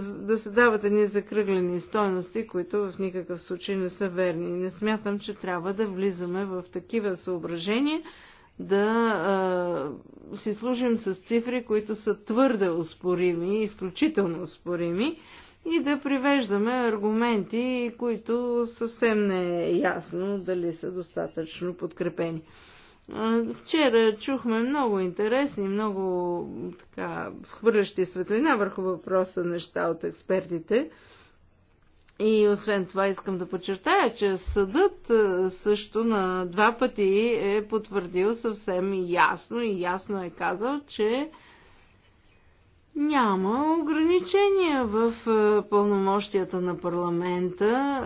да се дават едни закръглени стойности, които в никакъв случай не са верни. Не смятам, че трябва да влизаме в такива съображения, да а, си служим с цифри, които са твърде успорими, изключително успорими, и да привеждаме аргументи, които съвсем не е ясно дали са достатъчно подкрепени. Вчера чухме много интересни, много така хвърлящи светлина върху въпроса неща от експертите. И освен това искам да подчертая, че съдът също на два пъти е потвърдил съвсем ясно и ясно е казал, че няма ограничения в пълномощията на парламента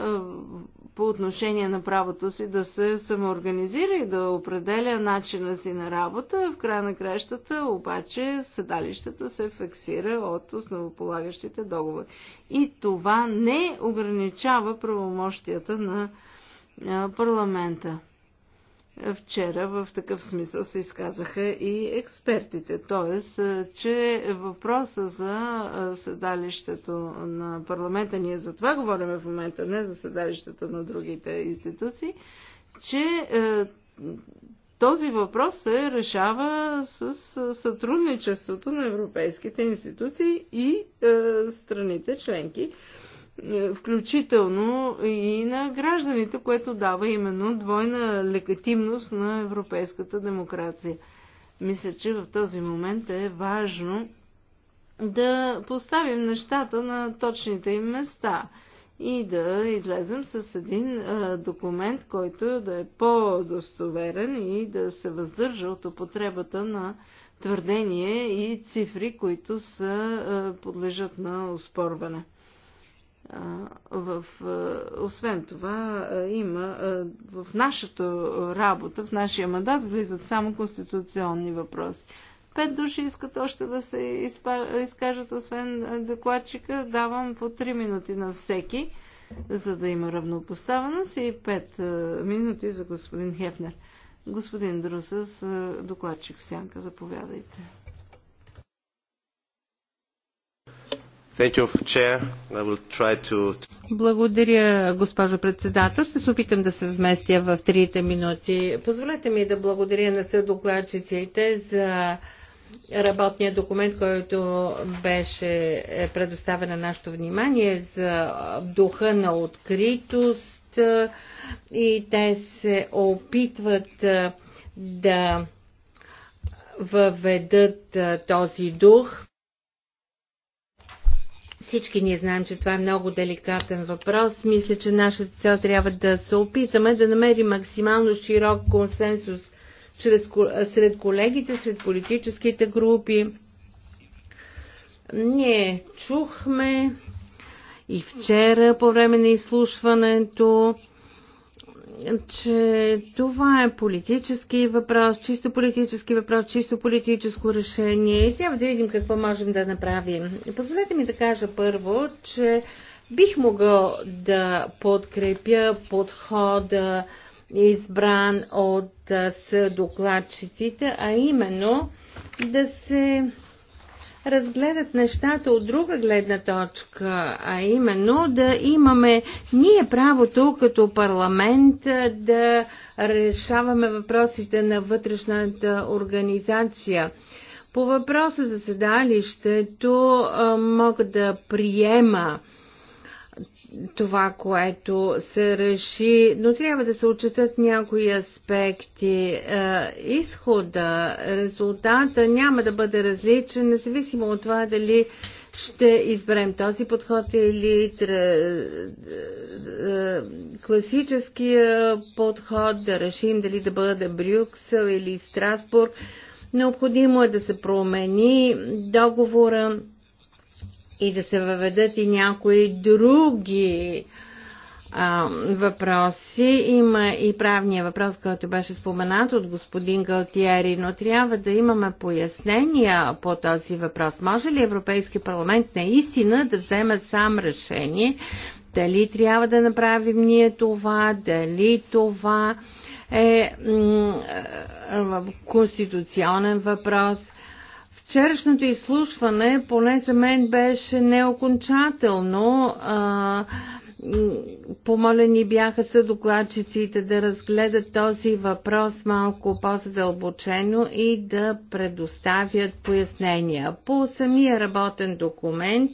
по отношение на правото си да се самоорганизира и да определя начина си на работа. В края на кращата обаче седалището се фиксира от основополагащите договори. И това не ограничава правомощията на парламента. Вчера в такъв смисъл се изказаха и експертите, т.е. че въпроса за седалището на парламента, ние за това говорим в момента, не за седалището на другите институции, че този въпрос се решава с сътрудничеството на европейските институции и страните членки е, включително и на гражданите, което дава именно двойна легитимност на европейската демокрация. Мисля, че в този момент е важно да поставим нещата на точните им места и да излезем с един а, е, документ, който да е по-достоверен и да се въздържа от употребата на твърдение и цифри, които са, а, е, подлежат на оспорване в, освен това, има в нашата работа, в нашия мандат влизат само конституционни въпроси. Пет души искат още да се изкажат, освен докладчика. Давам по три минути на всеки, за да има равнопоставеност и пет минути за господин Хефнер. Господин Друсъс, докладчик в сянка, заповядайте. Благодаря, госпожо председател. Ще се опитам да се вместя в трите минути. Позволете ми да благодаря на съдокладчиците за работния документ, който беше е предоставен на нашето внимание за духа на откритост и те се опитват да въведат този дух всички ние знаем, че това е много деликатен въпрос. Мисля, че нашата цел трябва да се опитаме да намерим максимално широк консенсус чрез, сред колегите, сред политическите групи. Ние чухме и вчера по време на изслушването че това е политически въпрос, чисто политически въпрос, чисто политическо решение и сега да видим какво можем да направим. Позволете ми да кажа първо, че бих могъл да подкрепя подхода избран от докладчиците, а именно да се разгледат нещата от друга гледна точка, а именно да имаме ние правото като парламент да решаваме въпросите на вътрешната организация. По въпроса за седалището мога да приема това, което се реши, но трябва да се отчитат някои аспекти. Е, изхода, резултата няма да бъде различен, независимо от това дали ще изберем този подход или е, е, класическия подход, да решим дали да бъде Брюксел или Страсбург. Необходимо е да се промени договора и да се въведат и някои други а, въпроси. Има и правния въпрос, който беше споменат от господин Галтиери, но трябва да имаме пояснения по този въпрос. Може ли Европейски парламент наистина да вземе сам решение дали трябва да направим ние това, дали това е, е конституционен въпрос. Вчерашното изслушване, поне за мен, беше неокончателно. А, помолени бяха са докладчиците да разгледат този въпрос малко по-задълбочено и да предоставят пояснения. По самия работен документ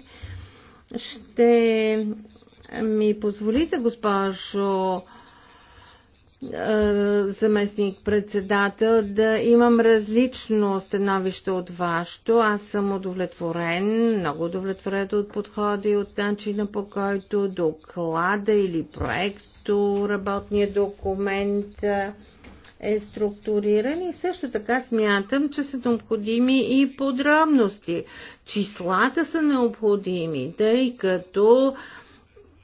ще ми позволите, госпожо е, заместник-председател, да имам различно становище от вашето. Аз съм удовлетворен, много удовлетворен от подхода и от начина по който доклада или проекто, работния документ е структуриран и също така смятам, че са необходими и подробности. Числата са необходими, тъй като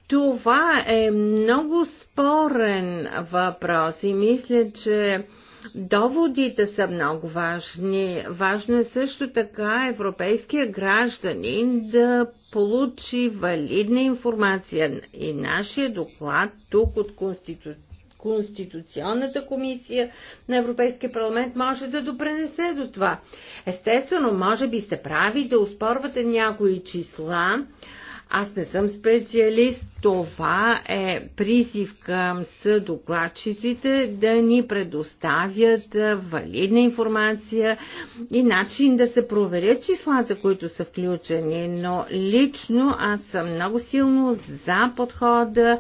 това е много спорен въпрос и мисля, че доводите са много важни. Важно е също така европейския гражданин да получи валидна информация и нашия доклад тук от Конституцията Конституционната комисия на Европейския парламент може да допренесе до това. Естествено, може би сте прави да успорвате някои числа, аз не съм специалист. Това е призив към съдокладчиците да ни предоставят валидна информация и начин да се проверят числата, които са включени. Но лично аз съм много силно за подхода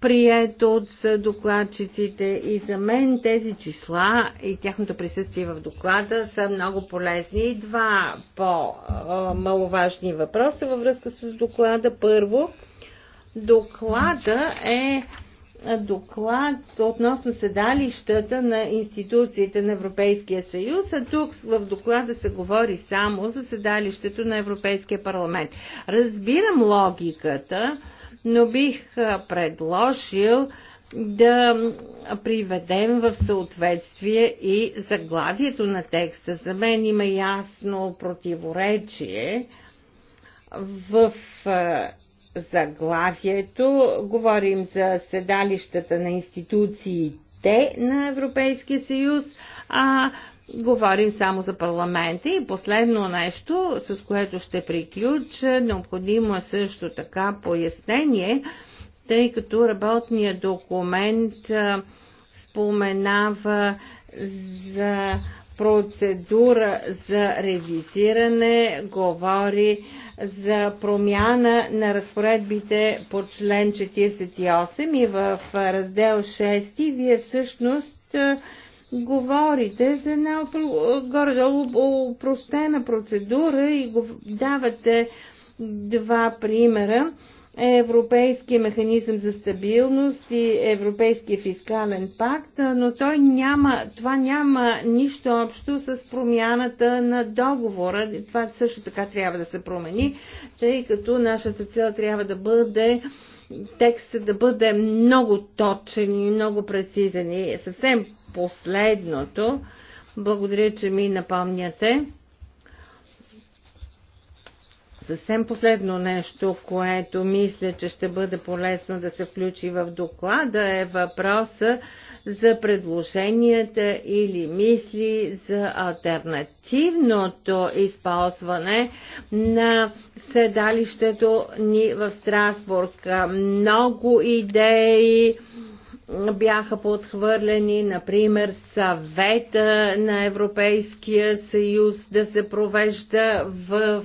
прието от докладчиците и за мен тези числа и тяхното присъствие в доклада са много полезни. И два по-маловажни въпроса във връзка с доклада. Първо, доклада е доклад относно седалищата на институциите на Европейския съюз, а тук в доклада се говори само за седалището на Европейския парламент. Разбирам логиката, но бих предложил да приведем в съответствие и заглавието на текста. За мен има ясно противоречие в заглавието. Говорим за седалищата на институциите на Европейския съюз, а говорим само за парламента. И последно нещо, с което ще приключа, необходимо е също така пояснение, тъй като работният документ споменава за процедура за ревизиране, говори за промяна на разпоредбите по член 48 и в раздел 6 вие всъщност говорите за една горе-долу упростена процедура и го давате два примера. Европейския механизъм за стабилност и Европейския фискален пакт, но той няма, това няма нищо общо с промяната на договора. Това също така трябва да се промени, тъй като нашата цел трябва да бъде текстът да бъде много точен и много прецизен. И съвсем последното, благодаря, че ми напомняте. Съвсем последно нещо, което мисля, че ще бъде полезно да се включи в доклада е въпроса за предложенията или мисли за альтернативното използване на седалището ни в Страсбург. Много идеи бяха подхвърлени, например, съвета на Европейския съюз да се провежда в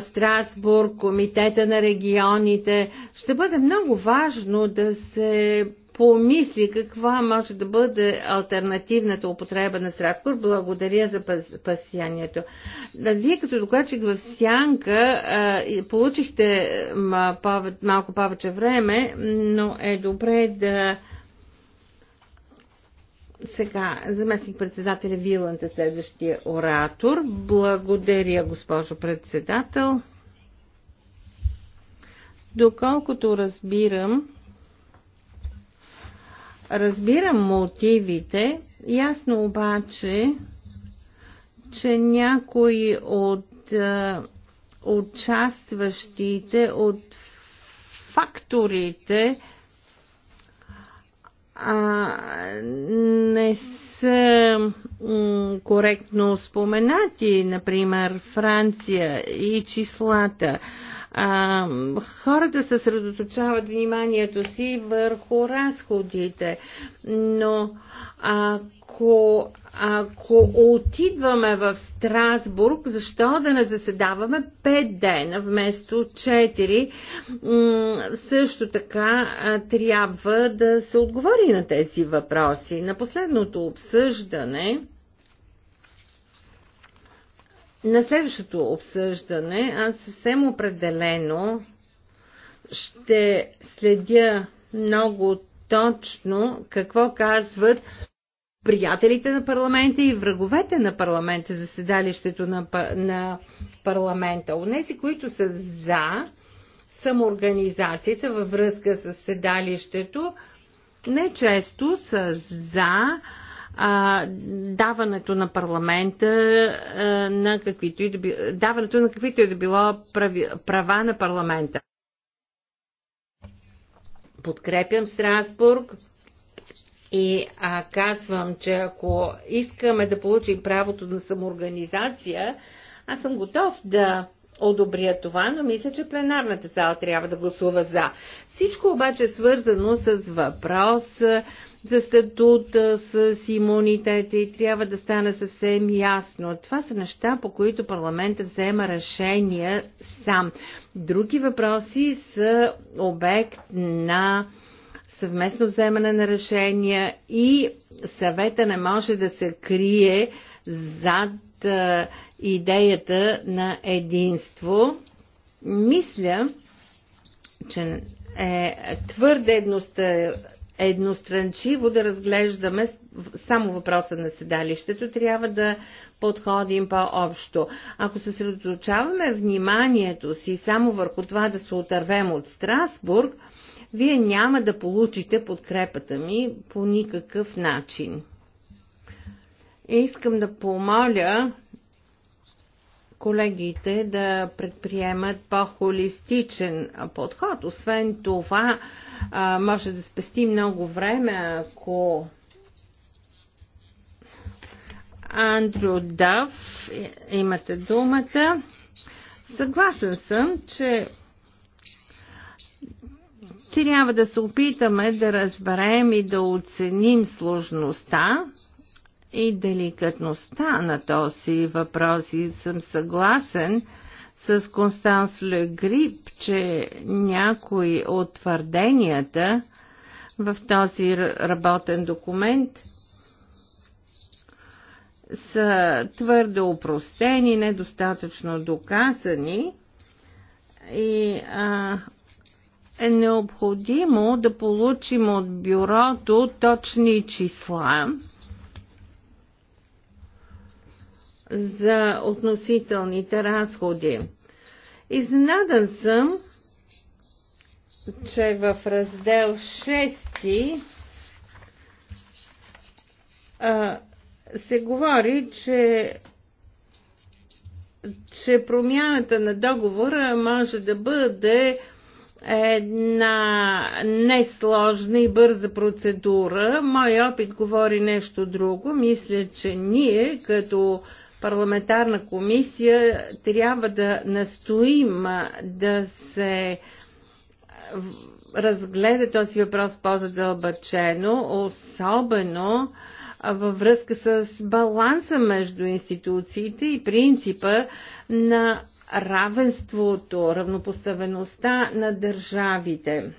Страсбург, Комитета на регионите. Ще бъде много важно да се помисли каква може да бъде альтернативната употреба на Страсбург. Благодаря за пасиянието. Вие като докладчик в Сянка получихте малко повече време, но е добре да сега, заместник председателя Виланд е следващия оратор. Благодаря, госпожо председател. Доколкото разбирам, Разбирам мотивите, ясно обаче, че някои от е, участващите, от факторите а, не са коректно споменати, например Франция и числата а, хората съсредоточават вниманието си върху разходите, но ако, ако отидваме в Страсбург, защо да не заседаваме 5 дена вместо 4? Също така трябва да се отговори на тези въпроси. На последното обсъждане на следващото обсъждане аз съвсем определено ще следя много точно какво казват приятелите на парламента и враговете на парламента за седалището на, на парламента. Онези, които са за самоорганизацията във връзка с седалището, не често са за а, даването на парламента а, на каквито и да било, даването на каквито и да било прави, права на парламента. Подкрепям Страсбург и а, казвам, че ако искаме да получим правото на самоорганизация, аз съм готов да одобря това, но мисля, че пленарната зала трябва да гласува за. Всичко обаче е свързано с въпрос за статута, с имунитета и трябва да стане съвсем ясно. Това са неща, по които парламента взема решения сам. Други въпроси са обект на съвместно вземане на решения и съвета не може да се крие зад идеята на единство. Мисля, че е твърде едностранчиво да разглеждаме само въпроса на седалището. Трябва да подходим по-общо. Ако съсредоточаваме вниманието си само върху това да се отървем от Страсбург, вие няма да получите подкрепата ми по никакъв начин. Искам да помоля колегите да предприемат по-холистичен подход. Освен това, може да спести много време, ако Андрю Дав, е, имате думата. Съгласен съм, че трябва да се опитаме да разберем и да оценим сложността и деликатността на този въпрос и съм съгласен с Констанс Легрип, че някои от твърденията в този работен документ са твърде упростени, недостатъчно доказани и а, е необходимо да получим от бюрото точни числа, за относителните разходи. Изненадан съм, че в раздел 6 а, се говори, че че промяната на договора може да бъде една несложна и бърза процедура. Мой опит говори нещо друго. Мисля, че ние като парламентарна комисия трябва да настоим да се разгледа този въпрос по-задълбачено, особено във връзка с баланса между институциите и принципа на равенството, равнопоставеността на държавите.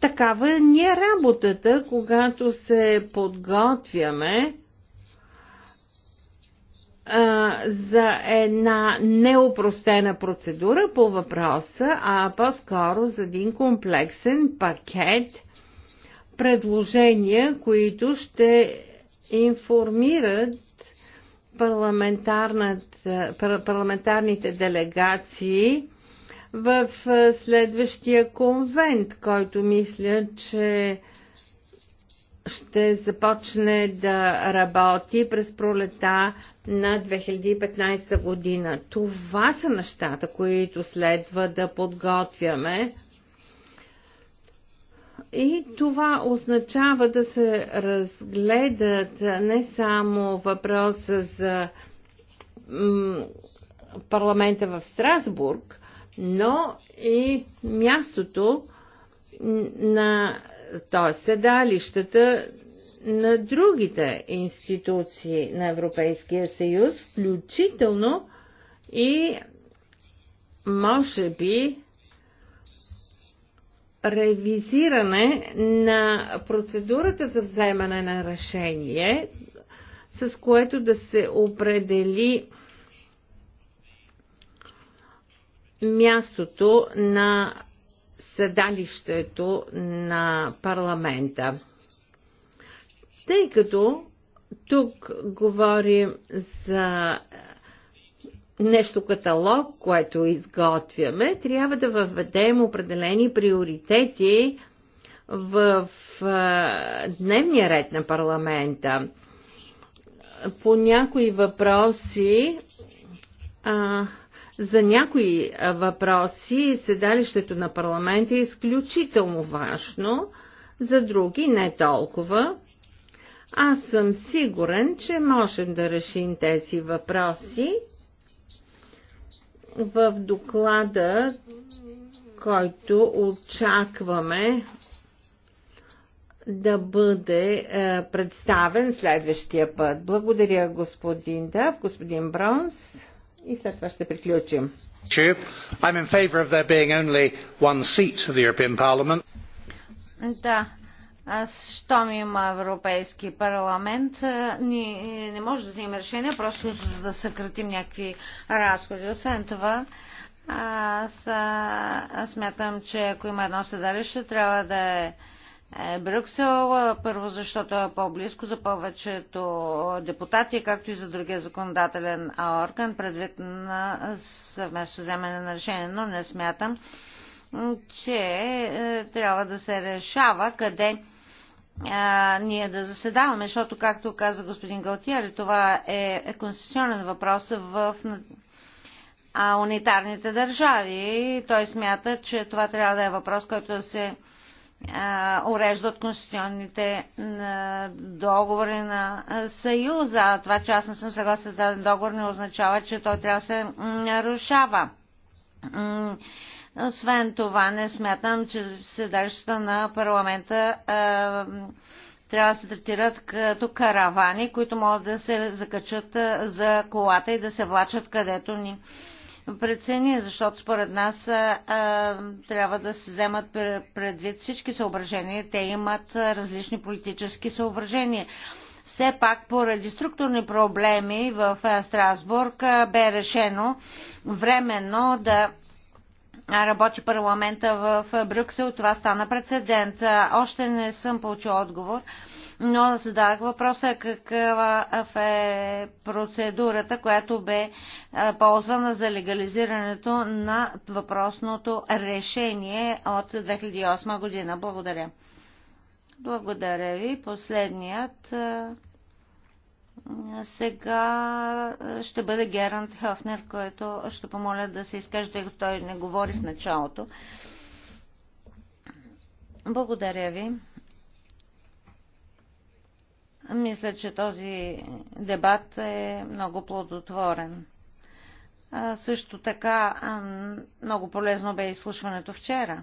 Такава ни е работата, когато се подготвяме за една неопростена процедура по въпроса, а по-скоро за един комплексен пакет предложения, които ще информират парламентарните делегации в следващия конвент, който мисля, че ще започне да работи през пролета на 2015 година. Това са нещата, които следва да подготвяме. И това означава да се разгледат не само въпроса за парламента в Страсбург, но и мястото на т.е. седалищата на другите институции на Европейския съюз, включително и може би ревизиране на процедурата за вземане на решение, с което да се определи мястото на седалището на парламента. Тъй като тук говорим за нещо каталог, което изготвяме, трябва да въведем определени приоритети в дневния ред на парламента. По някои въпроси а, за някои въпроси седалището на парламент е изключително важно, за други не толкова. Аз съм сигурен, че можем да решим тези въпроси. В доклада, който очакваме да бъде е, представен следващия път. Благодаря господин Дав, господин Бронс и след това ще приключим. Да, аз, щом има Европейски парламент, ни, не може да вземем решение, просто за да съкратим някакви разходи. Освен това, аз, аз смятам, че ако има едно седалище, трябва да е е, Брюксел, е, първо защото е по-близко за повечето депутати, както и за другия законодателен орган, предвид на съвместно вземане на решение, но не смятам, че е, трябва да се решава къде а, ние да заседаваме, защото, както каза господин Галтиер, това е конституционен въпрос в а, унитарните държави. Той смята, че това трябва да е въпрос, който да се уреждат конституционните договори на Съюза. Това, че аз не съм съгласен с даден договор, не означава, че той трябва да се нарушава. Освен това, не смятам, че седалищата на парламента трябва да се третират като каравани, които могат да се закачат за колата и да се влачат където ни прецени, защото според нас а, трябва да се вземат предвид всички съображения. Те имат различни политически съображения. Все пак поради структурни проблеми в Страсбург бе решено временно да работи парламента в Брюксел. Това стана прецедент. Още не съм получил отговор. А, но зададах въпроса каква е процедурата, която бе е, ползвана за легализирането на въпросното решение от 2008 година. Благодаря. Благодаря ви. Последният е, сега ще бъде Герант Хофнер, който ще помоля да се изкаже, тъй като той не говори в началото. Благодаря ви. Мисля, че този дебат е много плодотворен. Също така много полезно бе изслушването вчера.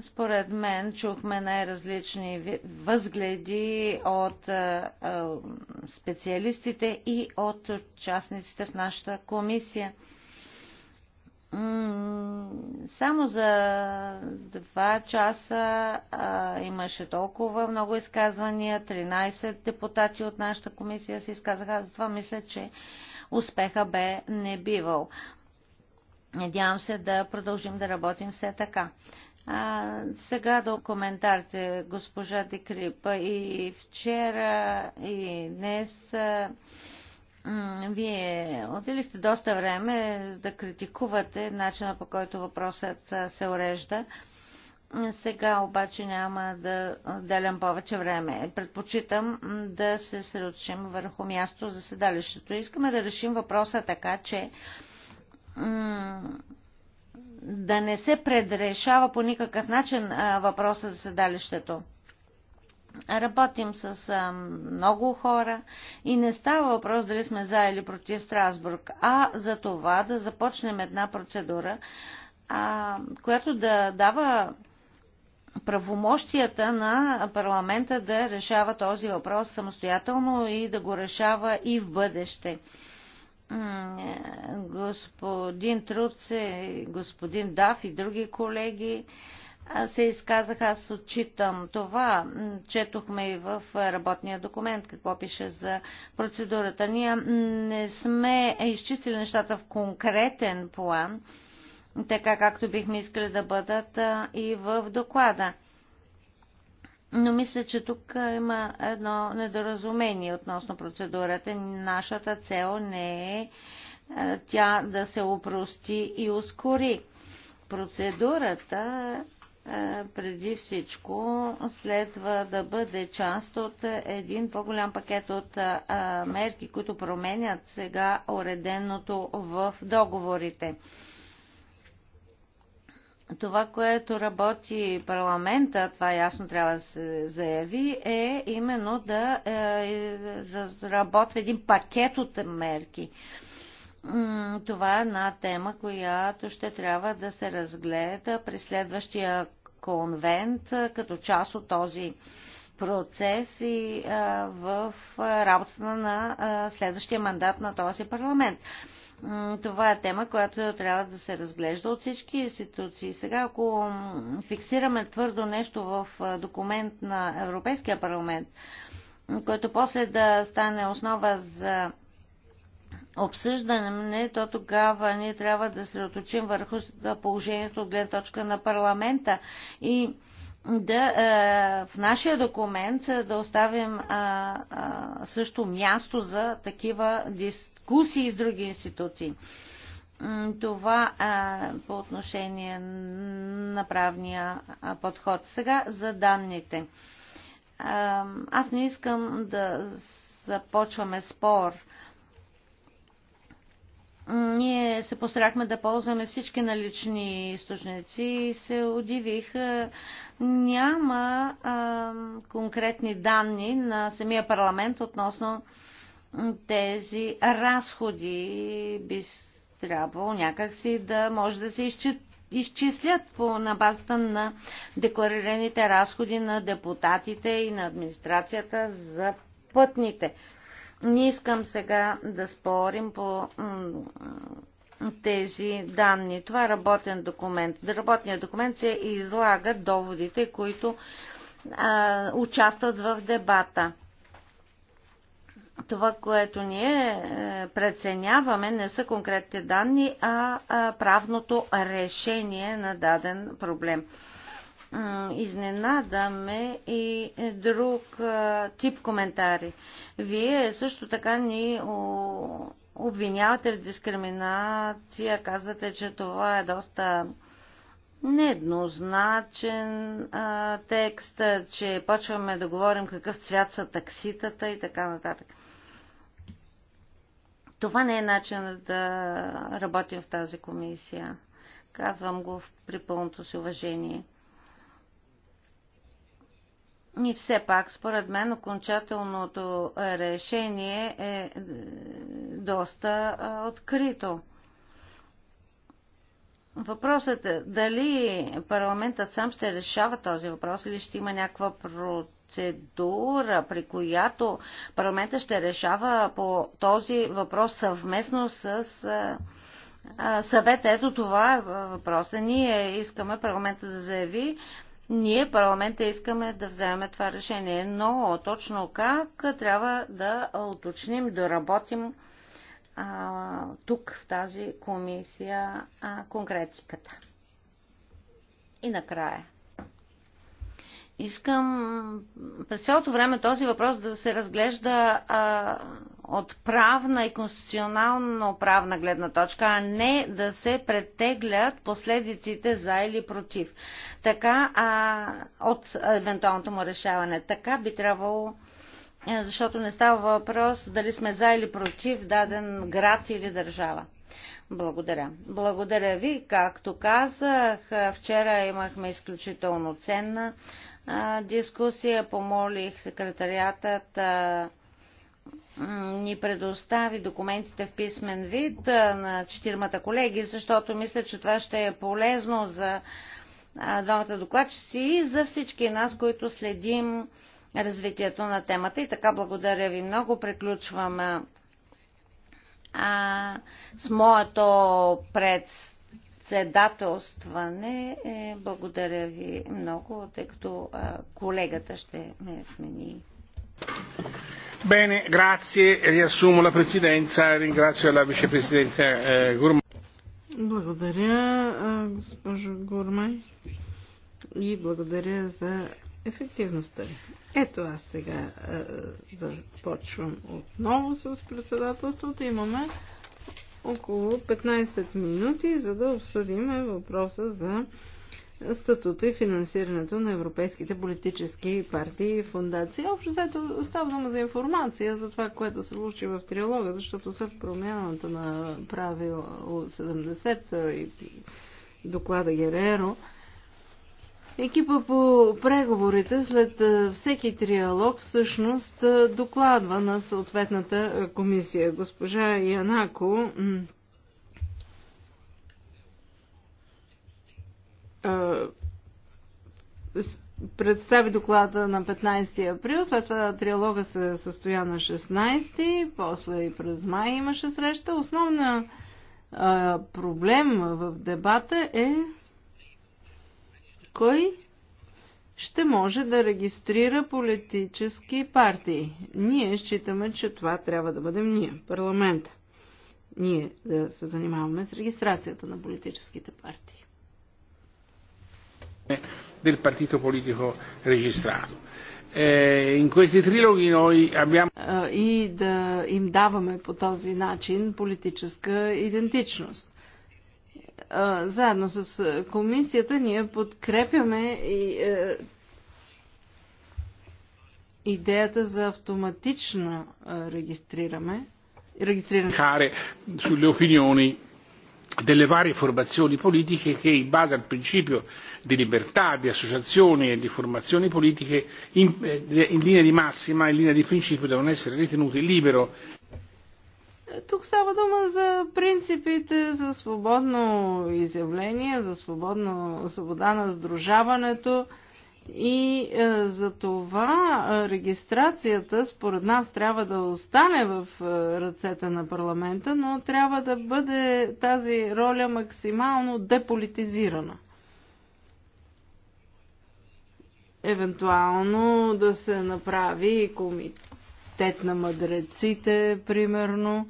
Според мен чухме най-различни възгледи от специалистите и от участниците в нашата комисия само за два часа а, имаше толкова много изказвания. 13 депутати от нашата комисия се изказаха. Затова мисля, че успеха бе не бивал. Надявам се да продължим да работим все така. А, сега до коментарите, госпожа Декрип. И вчера, и днес. А, вие отделихте доста време за да критикувате начина по който въпросът се урежда. Сега обаче няма да делям повече време. Предпочитам да се средочим върху място за седалището. Искаме да решим въпроса така, че да не се предрешава по никакъв начин въпроса за седалището. Работим с много хора и не става въпрос дали сме за или против Страсбург, а за това да започнем една процедура, която да дава правомощията на парламента да решава този въпрос самостоятелно и да го решава и в бъдеще. Е, господин Труце, господин Дав и други колеги се изказах, аз отчитам това. Четохме и в работния документ какво пише за процедурата. Ние не сме изчистили нещата в конкретен план, така както бихме искали да бъдат и в доклада. Но мисля, че тук има едно недоразумение относно процедурата. Нашата цел не е тя да се упрости и ускори. Процедурата е, преди всичко следва да бъде част от един по-голям пакет от е, мерки, които променят сега уреденото в договорите. Това, което работи парламента, това ясно трябва да се заяви, е именно да е, разработва един пакет от мерки. Това е една тема, която ще трябва да се разгледа при следващия конвент като част от този процес и в работата на следващия мандат на този парламент. Това е тема, която трябва да се разглежда от всички институции. Сега, ако фиксираме твърдо нещо в документ на Европейския парламент, който после да стане основа за обсъждане, то тогава ние трябва да се оточим върху положението от гледна точка на парламента и да, е, в нашия документ е, да оставим е, също място за такива дискусии с други институции. Това е, по отношение на правния подход. Сега за данните. аз не искам да започваме спор ние се постарахме да ползваме всички налични източници и се удивих. Няма а, конкретни данни на самия парламент относно тези разходи. Би трябвало някакси да може да се изчислят по, на базата на декларираните разходи на депутатите и на администрацията за пътните не искам сега да спорим по тези данни. Това е работен документ. Работният документ се излага доводите, които а, участват в дебата. Това, което ние е, преценяваме, не са конкретните данни, а правното решение на даден проблем изненадаме и друг тип коментари. Вие също така ни обвинявате в дискриминация, казвате, че това е доста нееднозначен а, текст, че почваме да говорим какъв цвят са такситата и така нататък. Това не е начин да работим в тази комисия. Казвам го при пълното си уважение. И все пак, според мен, окончателното решение е, е доста открито. Въпросът е дали парламентът сам ще решава този въпрос или ще има някаква процедура, при която парламентът ще решава по този въпрос съвместно с съвета. Ето това е въпросът. Ние искаме парламентът да заяви, ние, парламента, искаме да вземем това решение, но точно как трябва да уточним, да работим а, тук в тази комисия а, конкретиката. И накрая. Искам през цялото време този въпрос да се разглежда а, от правна и конституционално правна гледна точка, а не да се претеглят последиците за или против. Така, а, от евентуалното му решаване. Така би трябвало е, защото не става въпрос дали сме за или против даден град или държава. Благодаря. Благодаря ви. Както казах, вчера имахме изключително ценна а, дискусия. Помолих секретариатът а, ни предостави документите в писмен вид на четирмата колеги, защото мисля, че това ще е полезно за двамата докладчици и за всички нас, които следим развитието на темата. И така, благодаря ви много. приключвам а, с моето председателстване. Е, благодаря ви много, тъй като а, колегата ще ме смени. Bene, grazie. Riassumo la presidenza. Ringrazio la vicepresidenza eh, Благодаря, госпожо Гурмай. И благодаря за ефективността. Ето аз сега започвам отново с председателството. Имаме около 15 минути, за да обсъдим въпроса за статута и финансирането на европейските политически партии и фундации. Общо взето става дума за информация за това, което се случи в триалога, защото след промяната на правило 70 и доклада Гереро, Екипа по преговорите след всеки триалог всъщност докладва на съответната комисия. Госпожа Янако представи доклада на 15 април, след това триалога се състоя на 16, после и през май имаше среща. Основна а, проблем в дебата е кой ще може да регистрира политически партии. Ние считаме, че това трябва да бъдем ние, парламента. Ние да се занимаваме с регистрацията на политическите партии. Е, del partito politico registrato. In eh, questi triloghi noi abbiamo... И да им даваме по този начин политическа идентичност. Заедно с комисията ние подкрепяме е, идеята за автоматично регистриране. Регистриране. Sulle opinioni delle varie formazioni politiche che in base al principio di libertà, di associazione e di formazioni politiche in, eh, linea di massima e in linea di principio devono essere ritenuti libero. Тук става дума за принципите за свободно изявление, за свободно, свобода на сдружаването и е, за това е, регистрацията според нас трябва да остане в е, ръцете на парламента, но трябва да бъде тази роля максимално деполитизирана. евентуално да се направи комитет на мъдреците, примерно.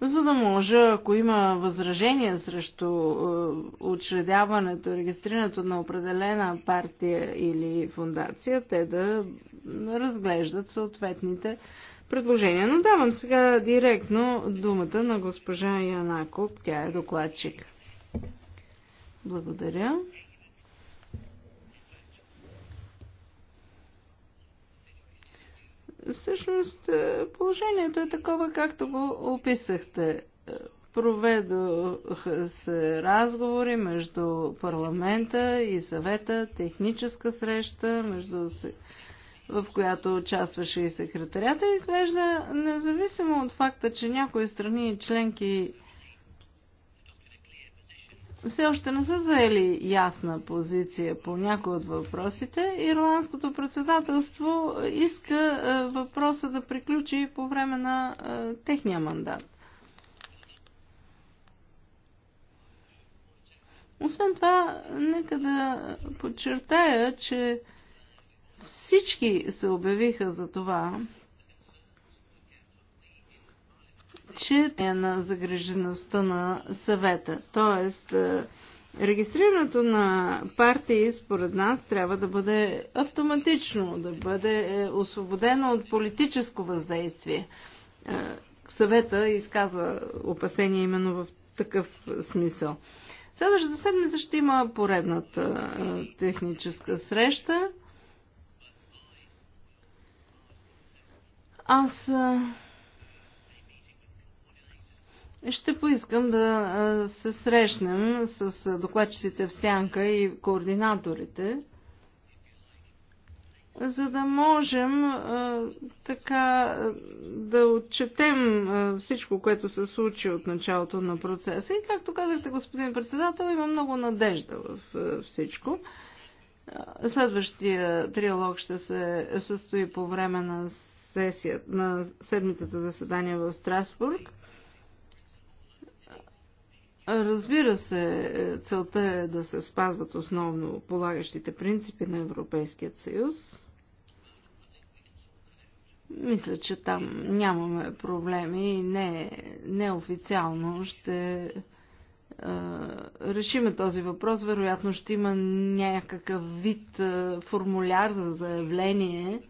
За да може, ако има възражение срещу е, учредяването, регистрирането на определена партия или фундация, те да разглеждат съответните предложения. Но давам сега директно думата на госпожа Янако. Тя е докладчик. Благодаря. Всъщност е, положението е такова, както го описахте. Е, проведоха се разговори между парламента и съвета, техническа среща, между в която участваше и секретарята. Изглежда, независимо от факта, че някои страни и членки все още не са заели ясна позиция по някои от въпросите. Ирландското председателство иска е, въпроса да приключи по време на е, техния мандат. Освен това, нека да подчертая, че всички се обявиха за това, че е на загрежеността на съвета. Тоест, е, регистрирането на партии, според нас, трябва да бъде автоматично, да бъде е, освободено от политическо въздействие. Е, съвета изказа опасения именно в такъв смисъл. Следващата седмица ще има поредната техническа среща. Аз ще поискам да се срещнем с докладчиците в сянка и координаторите, за да можем така да отчетем всичко, което се случи от началото на процеса. И както казахте, господин председател, има много надежда в всичко. Следващия триалог ще се състои по време на сесия, на седмицата заседание в Страсбург. Разбира се, целта е да се спазват основно полагащите принципи на Европейският съюз. Мисля, че там нямаме проблеми и не, неофициално ще решиме този въпрос, вероятно ще има някакъв вид формуляр за заявление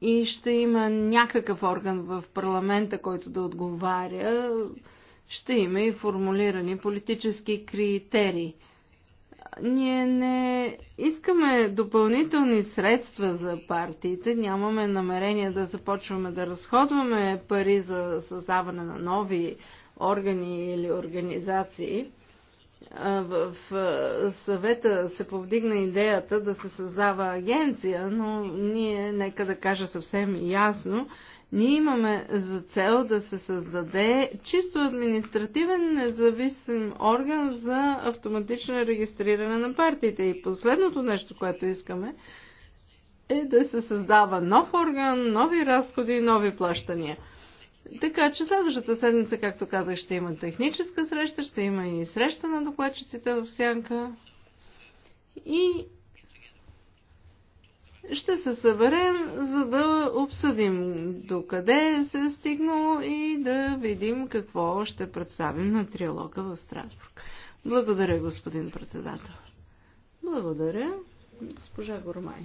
и ще има някакъв орган в парламента, който да отговаря, ще има и формулирани политически критерии. Ние не искаме допълнителни средства за партиите, нямаме намерение да започваме да разходваме пари за създаване на нови органи или организации в съвета се повдигна идеята да се създава агенция, но ние, нека да кажа съвсем ясно, ние имаме за цел да се създаде чисто административен независим орган за автоматично регистриране на партиите. И последното нещо, което искаме, е да се създава нов орган, нови разходи и нови плащания. Така че следващата седмица, както казах, ще има техническа среща, ще има и среща на докладчиците в Сянка. И ще се съберем, за да обсъдим докъде се е стигнало и да видим какво ще представим на триалога в Страсбург. Благодаря, господин председател. Благодаря, госпожа Гормай.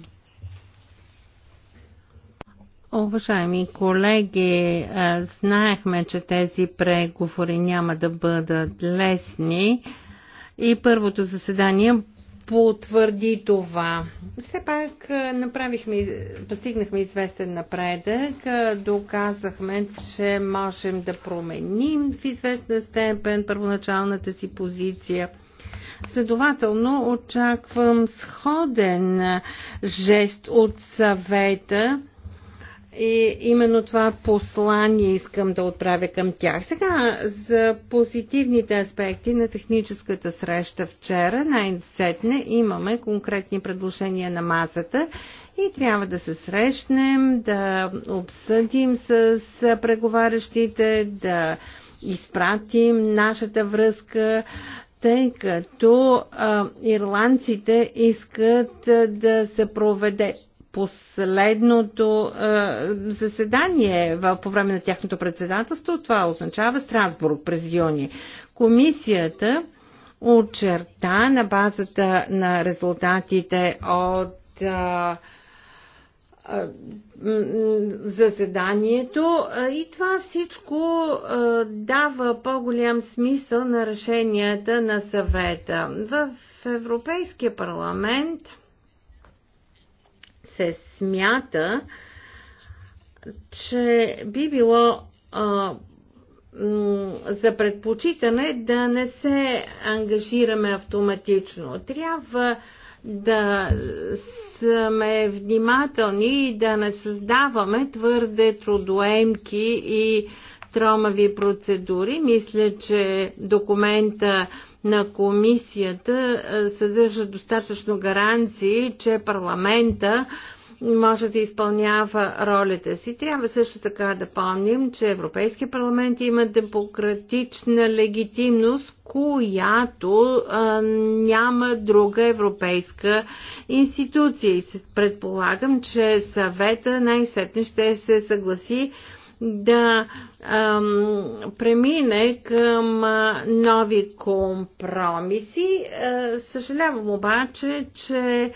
Уважаеми колеги, е, знаехме, че тези преговори няма да бъдат лесни и първото заседание потвърди това. Все пак е, направихме, постигнахме известен напредък, е, доказахме, че можем да променим в известна степен първоначалната си позиция. Следователно очаквам сходен жест от съвета и именно това послание искам да отправя към тях. Сега за позитивните аспекти на техническата среща вчера. Най-сетне имаме конкретни предложения на масата и трябва да се срещнем, да обсъдим с преговарящите, да изпратим нашата връзка тъй като а, ирландците искат да се проведе последното е, заседание в, по време на тяхното председателство. Това означава Страсбург през юни. Комисията очерта на базата на резултатите от е, е заседанието е, и това всичко е, дава по-голям смисъл на решенията на съвета. В Европейския парламент се смята, че би било а, за предпочитане да не се ангажираме автоматично. Трябва да сме внимателни и да не създаваме твърде трудоемки и тромави процедури. Мисля, че документа на комисията съдържа достатъчно гаранции, че парламента може да изпълнява ролята си. Трябва също така да помним, че Европейския парламент има демократична легитимност, която а, няма друга европейска институция. И предполагам, че съвета най-сетне ще се съгласи да ам, премине към а, нови компромиси. А, съжалявам обаче, че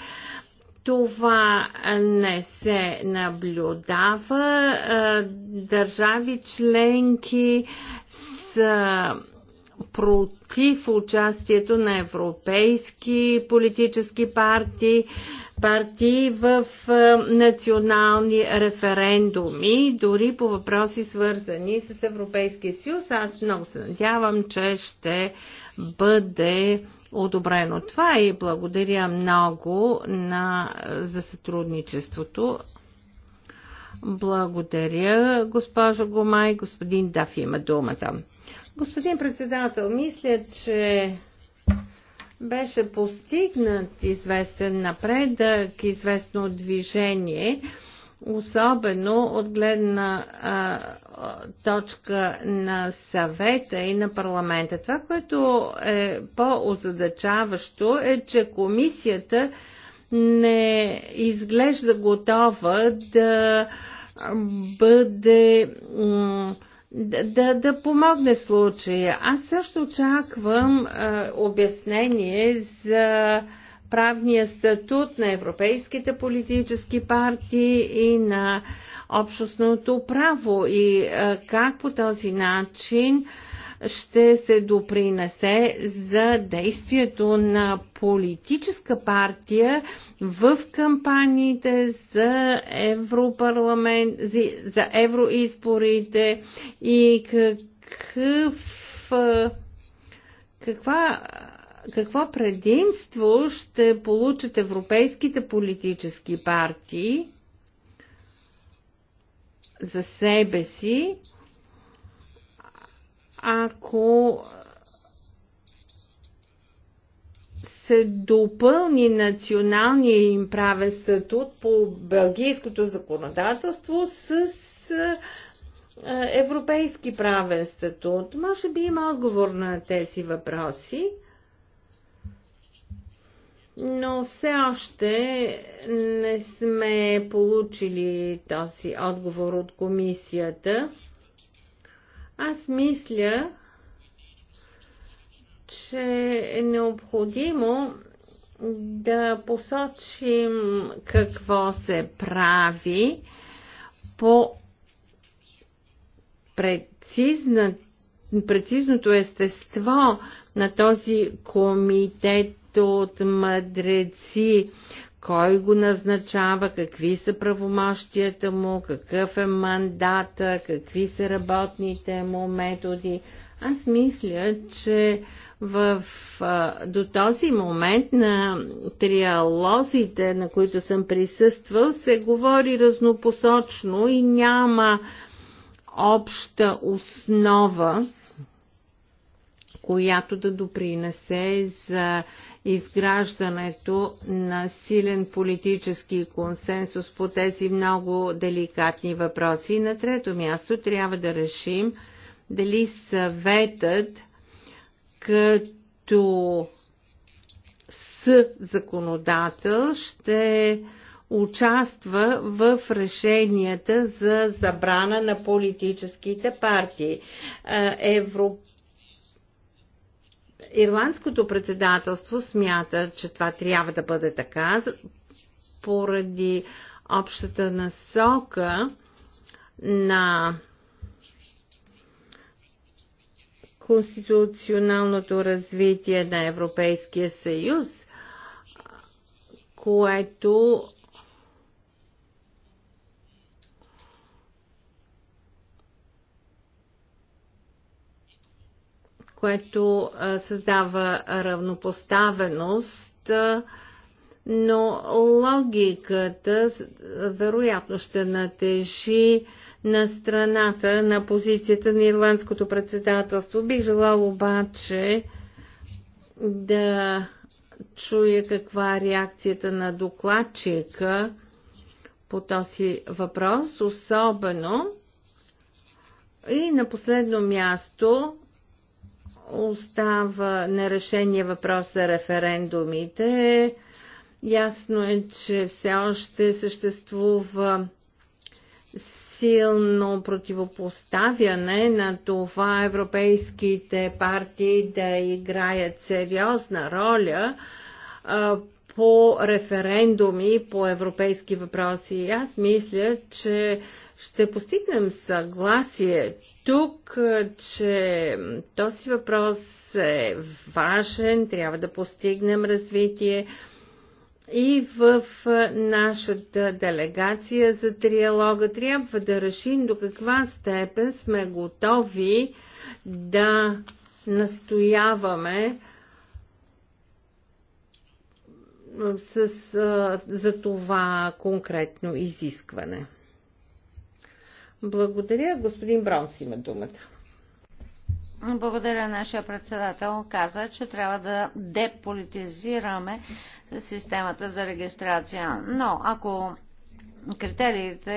това не се наблюдава. А, държави членки са против участието на европейски политически партии партии в национални референдуми, дори по въпроси свързани с Европейския съюз. Аз много се надявам, че ще бъде одобрено това и благодаря много на, за сътрудничеството. Благодаря, госпожо Гомай. Господин Даф има думата. Господин председател, мисля, че беше постигнат известен напредък, известно движение, особено от гледна а, точка на съвета и на парламента. Това, което е по-озадачаващо е, че комисията не изглежда готова да бъде м- да, да, да помогне в случая. Аз също очаквам а, обяснение за правния статут на европейските политически партии и на общностното право и а, как по този начин а, ще се допринесе за действието на политическа партия в кампаниите за Европарламент, за евроизборите и какъв каква, какво предимство ще получат европейските политически партии за себе си ако се допълни националния им правен статут по бългийското законодателство с европейски правен статут. Може би има отговор на тези въпроси, но все още не сме получили този отговор от комисията. Аз мисля, че е необходимо да посочим какво се прави по прецизна, прецизното естество на този комитет от мъдреци кой го назначава, какви са правомощията му, какъв е мандата, какви са работните му методи. Аз мисля, че в, а, до този момент на триалозите, на които съм присъствал, се говори разнопосочно и няма обща основа, която да допринесе за изграждането на силен политически консенсус по тези много деликатни въпроси. И на трето място трябва да решим дали съветът като с законодател ще участва в решенията за забрана на политическите партии. Е, Европа Ирландското председателство смята, че това трябва да бъде така поради общата насока на конституционалното развитие на Европейския съюз, което което създава равнопоставеност, но логиката вероятно ще натежи на страната на позицията на ирландското председателство. Бих желал обаче да чуя каква е реакцията на докладчика по този въпрос, особено и на последно място остава нерешение въпроса за референдумите. Ясно е, че все още съществува силно противопоставяне на това европейските партии да играят сериозна роля по референдуми по европейски въпроси. Аз мисля, че ще постигнем съгласие тук, че този въпрос е важен, трябва да постигнем развитие и в нашата делегация за триалога трябва да решим до каква степен сме готови да настояваме с, за това конкретно изискване. Благодаря. Господин Бронс има думата. Благодаря. Нашия председател каза, че трябва да деполитизираме системата за регистрация. Но ако критериите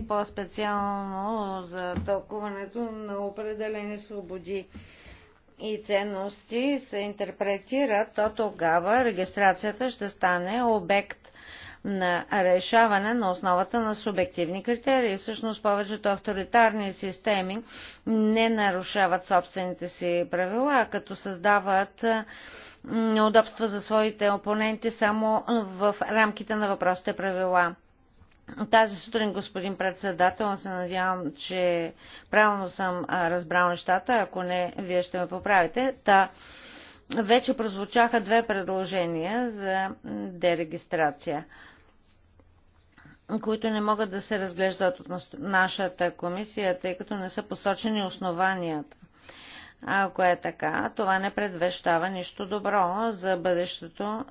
и по-специално за тълкуването на определени свободи и ценности се интерпретират, то тогава регистрацията ще стане обект на решаване на основата на субективни критерии. Всъщност повечето авторитарни системи не нарушават собствените си правила, като създават неудобства за своите опоненти само в рамките на въпросите правила. Тази сутрин, господин председател, се надявам, че правилно съм разбрал нещата. Ако не, вие ще ме поправите. Та, вече прозвучаха две предложения за дерегистрация които не могат да се разглеждат от нашата комисия, тъй като не са посочени основанията. Ако е така, това не предвещава нищо добро за бъдещето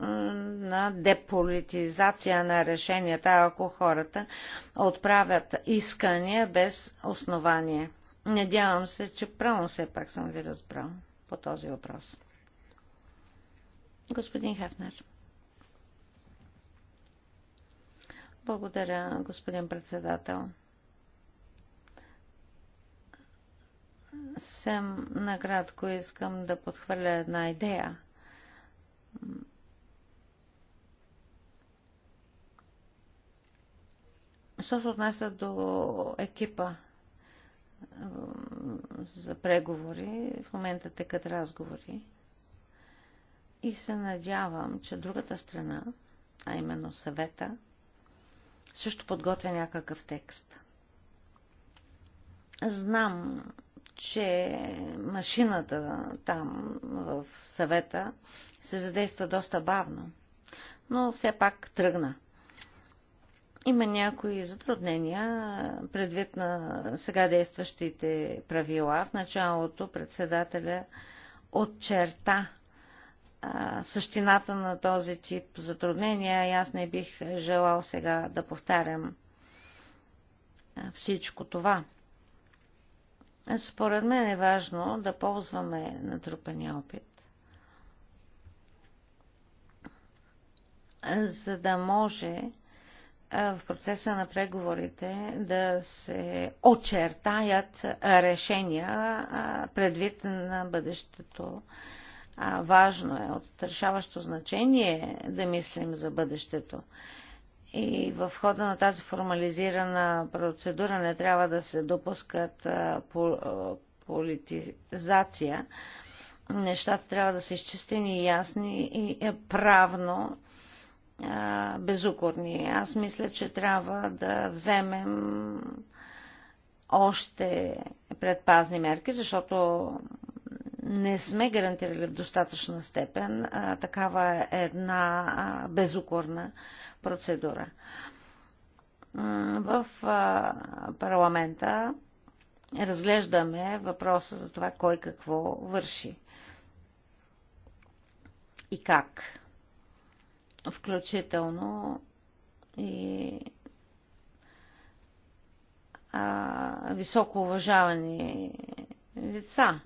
на деполитизация на решенията, ако хората отправят искания без основание. Надявам се, че правилно все пак съм ви разбрал по този въпрос. Господин Хефнер. Благодаря, господин председател. Съвсем накратко искам да подхвърля една идея. Що се отнася до екипа за преговори, в момента текат разговори и се надявам, че другата страна, а именно съвета, също подготвя някакъв текст. Знам, че машината там в съвета се задейства доста бавно, но все пак тръгна. Има някои затруднения предвид на сега действащите правила. В началото председателя отчерта същината на този тип затруднения и аз не бих желал сега да повтарям всичко това. Според мен е важно да ползваме натрупания опит, за да може в процеса на преговорите да се очертаят решения предвид на бъдещето а, важно е, от решаващо значение е да мислим за бъдещето. И в хода на тази формализирана процедура не трябва да се допускат а, по, а, политизация. Нещата трябва да са изчистени, ясни и е правно а, безукорни. Аз мисля, че трябва да вземем още предпазни мерки, защото не сме гарантирали в достатъчна степен. А, такава е една а, безукорна процедура. В а, парламента разглеждаме въпроса за това кой какво върши и как. Включително и високо уважавани лица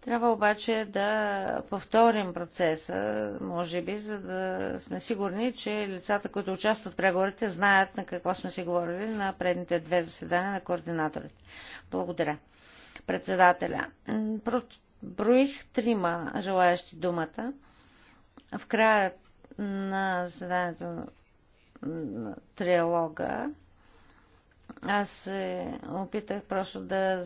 трябва обаче да повторим процеса, може би, за да сме сигурни, че лицата, които участват в преговорите, знаят на какво сме си говорили на предните две заседания на координаторите. Благодаря. Председателя. Броих трима желаящи думата. В края на заседанието на триалога аз се опитах просто да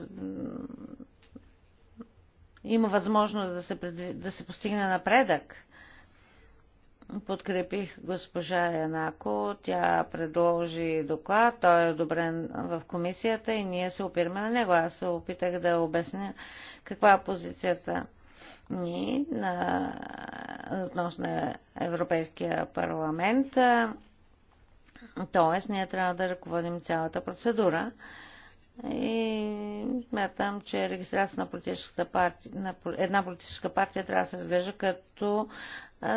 има възможност да се, предвид, да се постигне напредък. Подкрепих госпожа Янако, тя предложи доклад, той е одобрен в комисията и ние се опираме на него. Аз се опитах да обясня каква е позицията ни на, относно Европейския парламент. Тоест, ние трябва да ръководим цялата процедура. И смятам, че регистрация на, политическата партия, на една политическа партия трябва да се разглежда като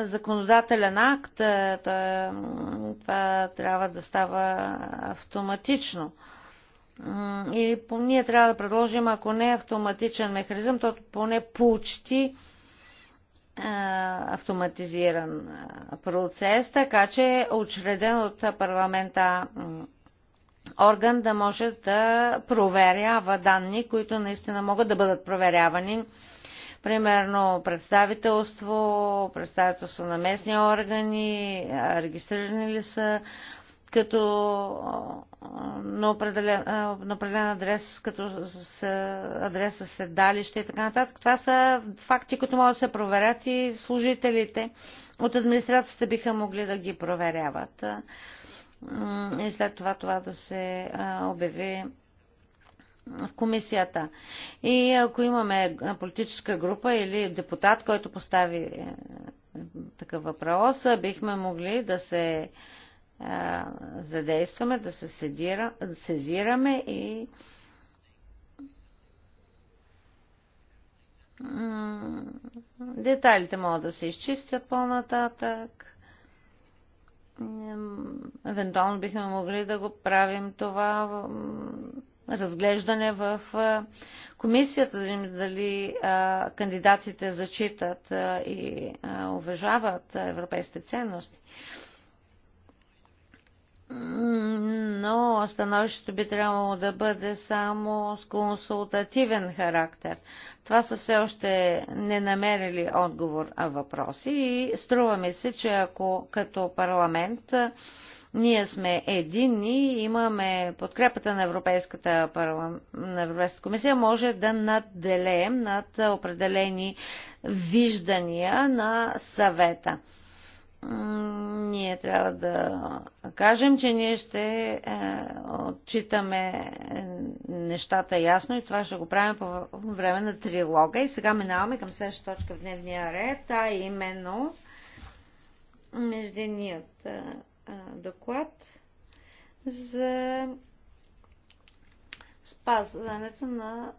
законодателен акт. Е, е, това трябва да става автоматично. И ние трябва да предложим, ако не е автоматичен механизъм, то поне почти автоматизиран процес, така че учреден от парламента орган да може да проверява данни, които наистина могат да бъдат проверявани. Примерно представителство, представителство на местни органи, регистрирани ли са като на определен, на определен адрес, като с адреса седалище и така нататък. Това са факти, които могат да се проверят и служителите от администрацията биха могли да ги проверяват и след това това да се обяви в комисията. И ако имаме политическа група или депутат, който постави е, такъв въпрос, бихме могли да се задействаме, да се седира, сезираме и детайлите могат да се изчистят по-нататък евентуално бихме могли да го правим това разглеждане в е, комисията, да видим дали е, кандидатите зачитат е, и уважават европейските ценности но становището би трябвало да бъде само с консултативен характер. Това са все още не намерили отговор на въпроси и струва ми се, че ако като парламент ние сме единни, имаме подкрепата на Европейската, парлам... на Европейската комисия, може да надделеем над определени виждания на съвета ние трябва да кажем, че ние ще е, отчитаме е, нещата ясно и това ще го правим по време на трилога. И сега минаваме към следващата точка в дневния ред, а именно межденият е, доклад за спазването на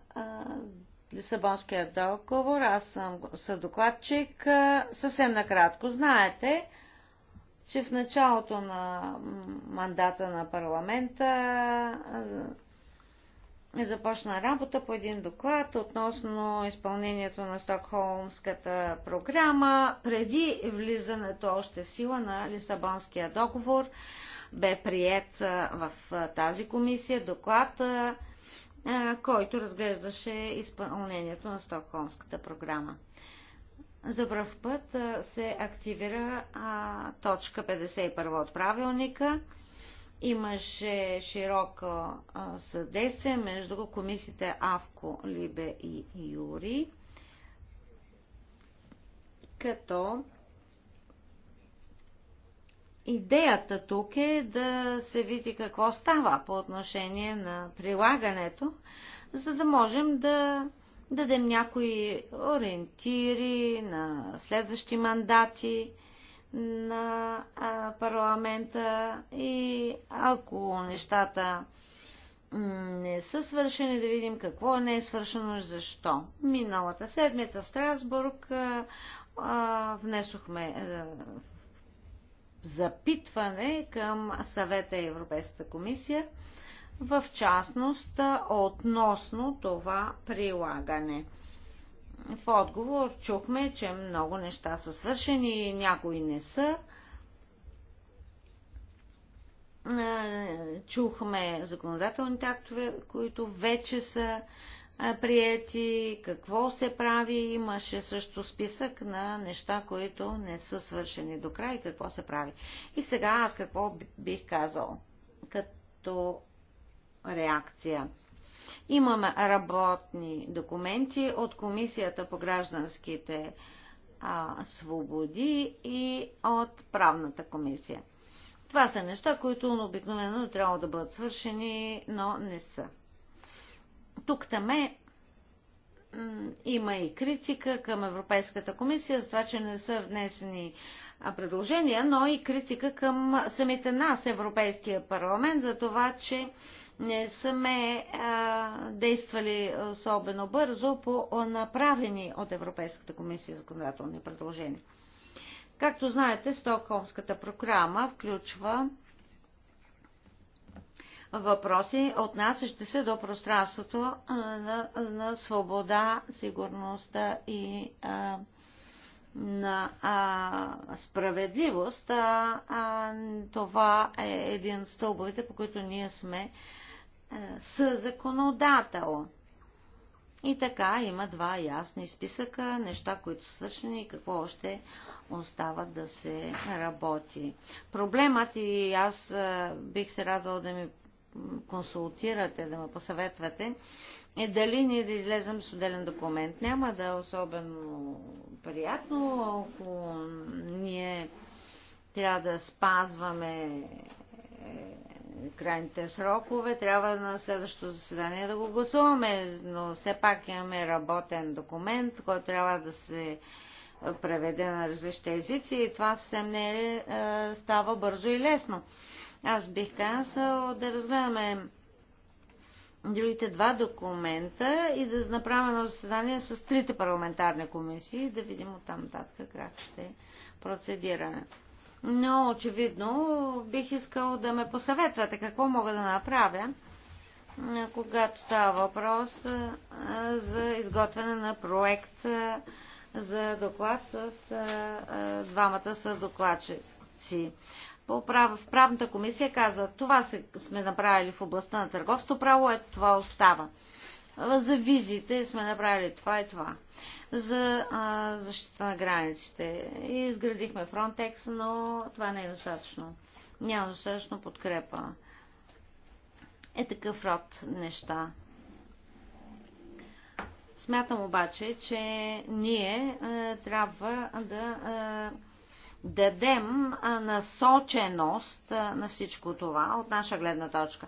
Лисабонския договор. Аз съм съдокладчик. Съвсем накратко. Знаете, че в началото на мандата на парламента е започна работа по един доклад относно изпълнението на Стокхолмската програма преди влизането още в сила на Лисабонския договор. Бе прият в тази комисия доклад който разглеждаше изпълнението на Стокхолмската програма. За пръв път се активира точка 51 от правилника. Имаше широко съдействие между комисиите АВКО, Либе и Юри, като Идеята тук е да се види какво става по отношение на прилагането, за да можем да дадем някои ориентири на следващи мандати на парламента и ако нещата не са свършени, да видим какво не е свършено и защо. Миналата седмица в Страсбург внесохме запитване към съвета и Европейската комисия, в частност относно това прилагане. В отговор чухме, че много неща са свършени, и някои не са. Чухме законодателните актове, които вече са приети, какво се прави. Имаше също списък на неща, които не са свършени до край и какво се прави. И сега аз какво бих казал като реакция. Имаме работни документи от Комисията по гражданските а, свободи и от правната комисия. Това са неща, които обикновено трябва да бъдат свършени, но не са. Тук-таме има и критика към Европейската комисия за това, че не са внесени предложения, но и критика към самите нас, Европейския парламент, за това, че не сме действали особено бързо по направени от Европейската комисия законодателни предложения. Както знаете, Стокхолмската програма включва въпроси, отнасящи се до пространството на, на свобода, сигурността и а, на а, справедливост. А, а, това е един от стълбовете, по които ние сме а, с законодател. И така има два ясни списъка, неща, които са свършени и какво още остава да се работи. Проблемът и аз бих се радвал да ми консултирате, да ме посъветвате, е дали ние да излезем с отделен документ. Няма да е особено приятно, ако ние трябва да спазваме е, крайните срокове, трябва на следващото заседание да го гласуваме, но все пак имаме работен документ, който трябва да се преведе на различни езици и това съвсем не е, е става бързо и лесно. Аз бих казал да разгледаме другите два документа и да направим едно заседание с трите парламентарни комисии и да видим оттам нататък как ще процедираме. Но очевидно бих искал да ме посъветвате какво мога да направя, когато става въпрос за изготвяне на проект за доклад с двамата са докладчици в правната комисия каза, това сме направили в областта на търговско право, е това остава. За визите сме направили това и това. За а, защита на границите. И изградихме Frontex, но това не е достатъчно. Няма достатъчно подкрепа. Е такъв род неща. Смятам обаче, че ние е, трябва да дадем насоченост на всичко това от наша гледна точка.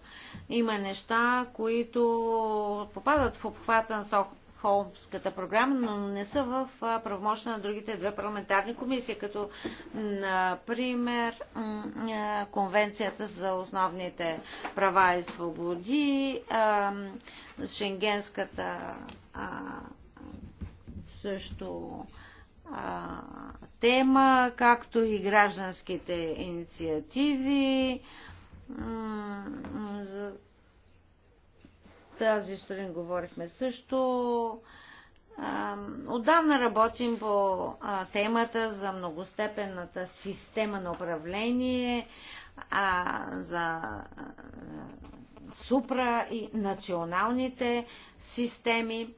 Има неща, които попадат в обхвата на Холмската програма, но не са в правомощ на другите две парламентарни комисии, като например Конвенцията за основните права и свободи, Шенгенската също тема, както и гражданските инициативи. За тази сутрин говорихме също. Отдавна работим по темата за многостепенната система на управление, за супра и националните системи.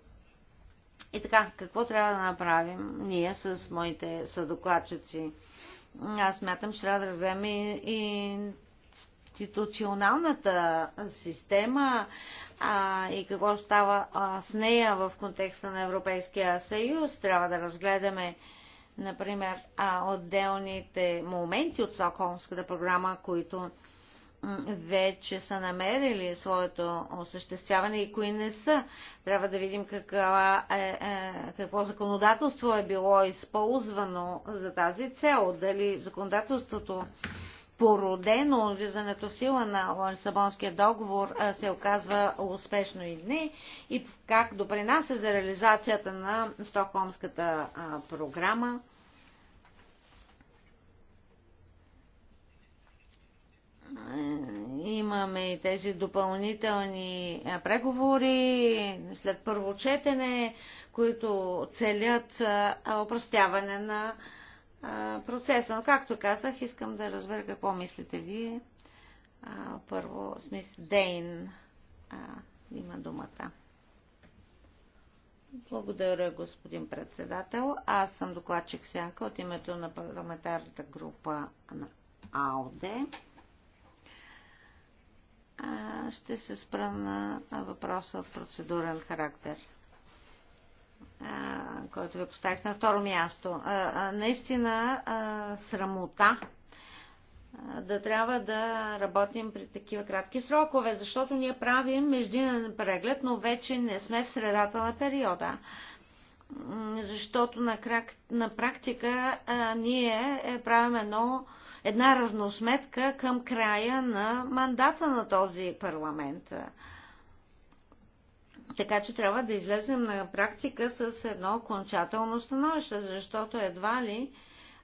И така, какво трябва да направим ние с моите съдокладчици? Аз мятам, че трябва да вземем и, институционалната система а, и какво става а, с нея в контекста на Европейския съюз. Трябва да разгледаме, например, а, отделните моменти от Стокхолмската програма, които вече са намерили своето осъществяване и кои не са. Трябва да видим каква е, е, какво законодателство е било използвано за тази цел. Дали законодателството породено влизането в сила на Лисабонския договор е, се оказва успешно и не и как допринася за реализацията на Стокхолмската програма имаме и тези допълнителни преговори след първо четене, които целят опростяване на процеса. Но, както казах, искам да разбера какво мислите вие. Първо, смис Дейн има думата. Благодаря, господин председател. Аз съм докладчик Сянка от името на парламентарната група на АОДЕ ще се спра на въпроса в процедурен характер, който ви поставих на второ място. Наистина срамота да трябва да работим при такива кратки срокове, защото ние правим междинен преглед, но вече не сме в средата на периода. Защото на, крак, на практика ние е, правим едно една разносметка към края на мандата на този парламент. Така че трябва да излезем на практика с едно окончателно становище, защото едва ли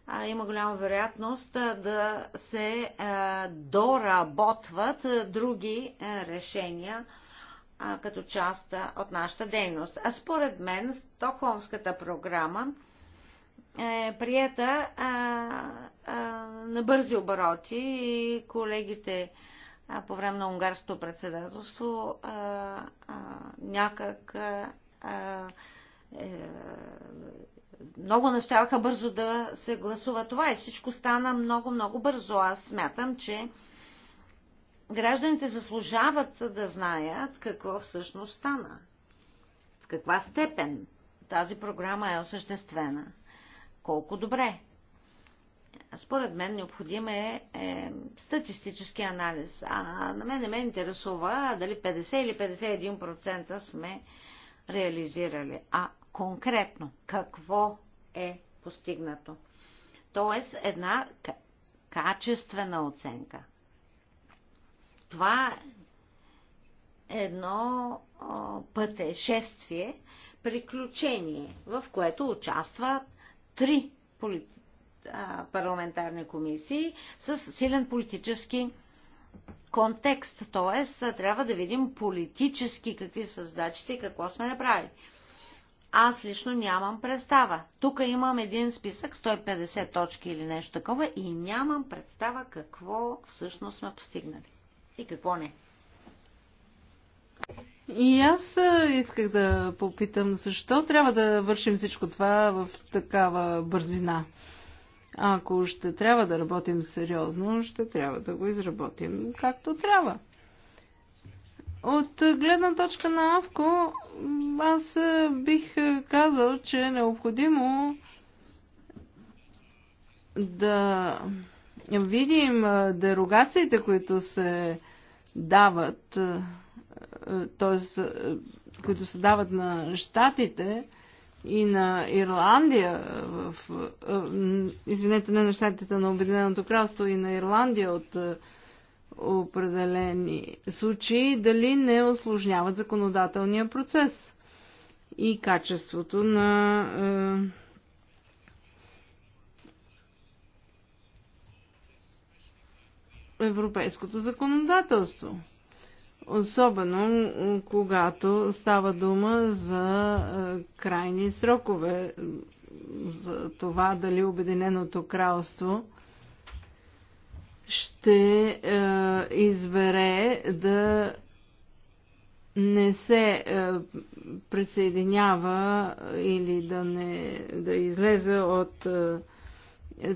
а, има голяма вероятност а, да се а, доработват а, други а, решения а, като част а, от нашата дейност. А според мен Стокхолмската програма е прията а, на бързи обороти и колегите по време на унгарското председателство някак е, много настояваха бързо да се гласува това и всичко стана много-много бързо. Аз смятам, че гражданите заслужават да знаят какво всъщност стана. В каква степен тази програма е осъществена. Колко добре според мен необходим е, е статистически анализ. А на мен не ме интересува дали 50 или 51% сме реализирали, а конкретно какво е постигнато. Тоест една качествена оценка. Това е едно пътешествие, приключение, в което участват три полити парламентарни комисии с силен политически контекст. Т.е. трябва да видим политически какви са задачите и какво сме направили. Аз лично нямам представа. Тук имам един списък, 150 точки или нещо такова, и нямам представа какво всъщност сме постигнали. И какво не. И аз исках да попитам защо трябва да вършим всичко това в такава бързина. Ако ще трябва да работим сериозно, ще трябва да го изработим както трябва. От гледна точка на Авко, аз бих казал, че е необходимо да видим дерогациите, които се дават, т.е. които се дават на щатите, и на Ирландия, в, извинете, не на щатите на Обединеното кралство и на Ирландия от определени случаи, дали не осложняват законодателния процес и качеството на е, европейското законодателство. Особено когато става дума за е, крайни срокове, за това дали Обединеното кралство ще е, избере да не се е, присъединява или да, не, да излезе от целият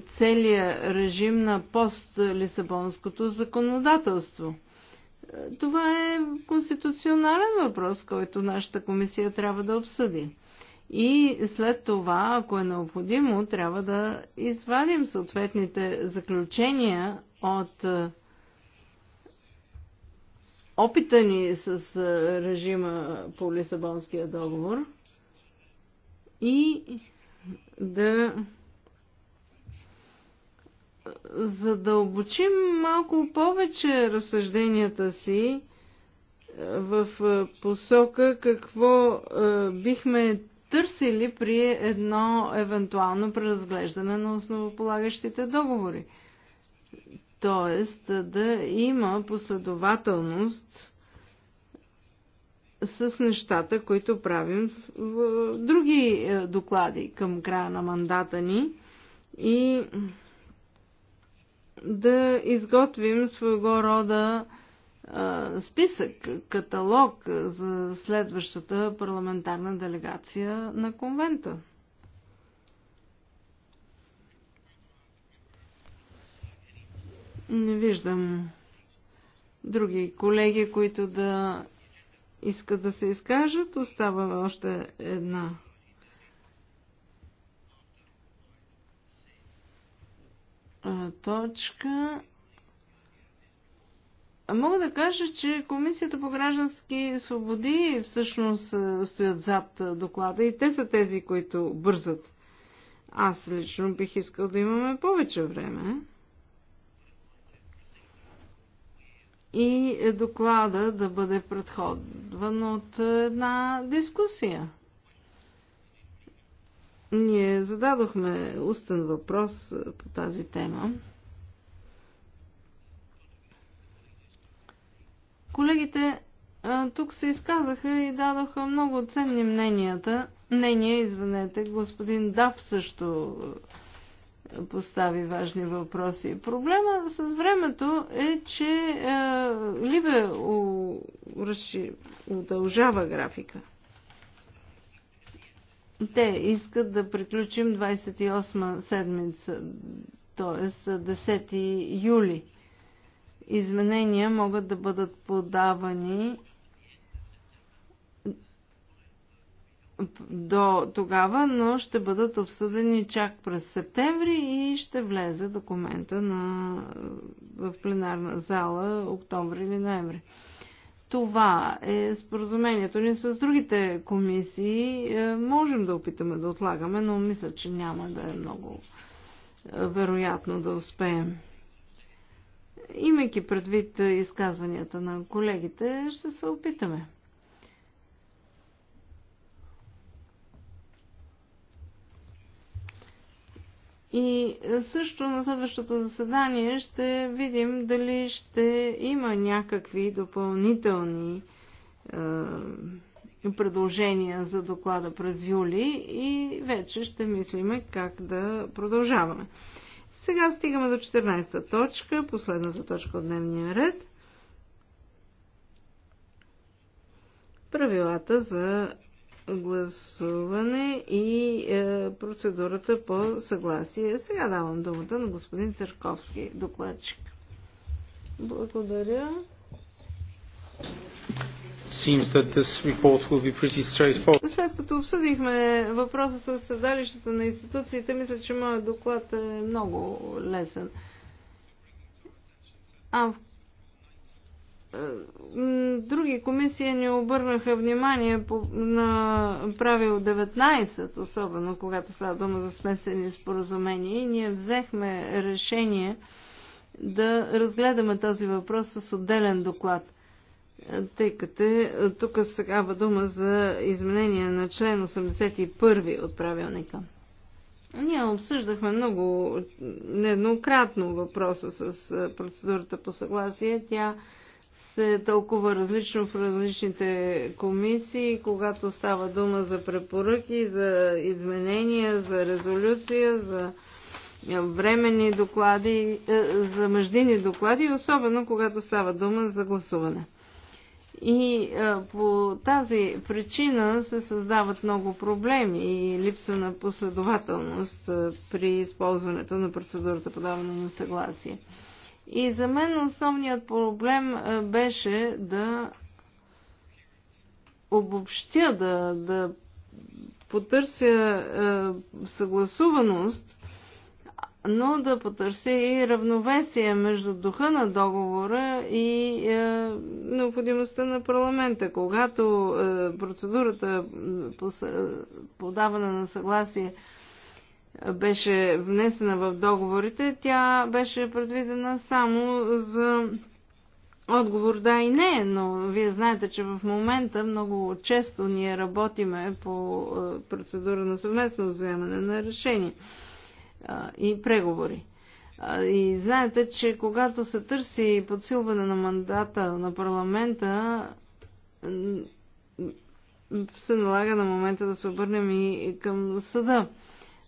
целия режим на пост-лисабонското законодателство – това е конституционален въпрос, който нашата комисия трябва да обсъди. И след това, ако е необходимо, трябва да извадим съответните заключения от е, опита ни с е, режима по Лисабонския договор и да задълбочим малко повече разсъжденията си е, в е, посока какво е, бихме търсили при едно евентуално преразглеждане на основополагащите договори. Тоест да има последователност с нещата, които правим в други доклади към края на мандата ни и да изготвим своего рода списък, каталог за следващата парламентарна делегация на конвента. Не виждам други колеги, които да искат да се изкажат. Остава още една точка. Мога да кажа, че Комисията по граждански свободи всъщност стоят зад доклада и те са тези, които бързат. Аз лично бих искал да имаме повече време. И доклада да бъде предходван от една дискусия. Ние зададохме устен въпрос е, по тази тема. Колегите е, тук се изказаха и дадоха много ценни мненията. Мнения, извинете, господин Дав също е, постави важни въпроси. Проблема с времето е, че е, Либе удължава графика. Те искат да приключим 28 седмица, т.е. 10 юли. Изменения могат да бъдат подавани до тогава, но ще бъдат обсъдени чак през септември и ще влезе документа на, в пленарна зала октомври или ноември. Това е споразумението ни с другите комисии. Е, можем да опитаме да отлагаме, но мисля, че няма да е много е, вероятно да успеем. Имайки предвид е, изказванията на колегите, ще се опитаме. И е, също на следващото заседание ще видим дали ще има някакви допълнителни е, предложения за доклада през юли и вече ще мислиме как да продължаваме. Сега стигаме до 14-та точка, последната точка от дневния ред. Правилата за гласуване и е, процедурата по съгласие. Сега давам думата на господин Църковски, докладчик. Благодаря. Seems that this report will be pretty straightforward. След като обсъдихме въпроса с съдалищата на институциите, мисля, че моят доклад е много лесен. А, други комисии ни обърнаха внимание по, на правил 19, особено когато става дума за смесени споразумения и ние взехме решение да разгледаме този въпрос с отделен доклад. Тъй като тук сега дума за изменение на член 81 от правилника. Ние обсъждахме много нееднократно въпроса с процедурата по съгласие. Тя се тълкува различно в различните комисии, когато става дума за препоръки, за изменения, за резолюция, за временни доклади, е, за междинни доклади, особено когато става дума за гласуване. И е, по тази причина се създават много проблеми и липса на последователност е, при използването на процедурата подаване на съгласие. И за мен основният проблем е, беше да обобщя, да, да потърся е, съгласуваност, но да потърся и равновесие между духа на договора и е, необходимостта на парламента. Когато е, процедурата по подаване на съгласие е, беше внесена в договорите, тя беше предвидена само за отговор да и не, но вие знаете, че в момента много често ние работиме по е, процедура на съвместно вземане на решение и преговори. И знаете, че когато се търси подсилване на мандата на парламента, се налага на момента да се обърнем и към съда.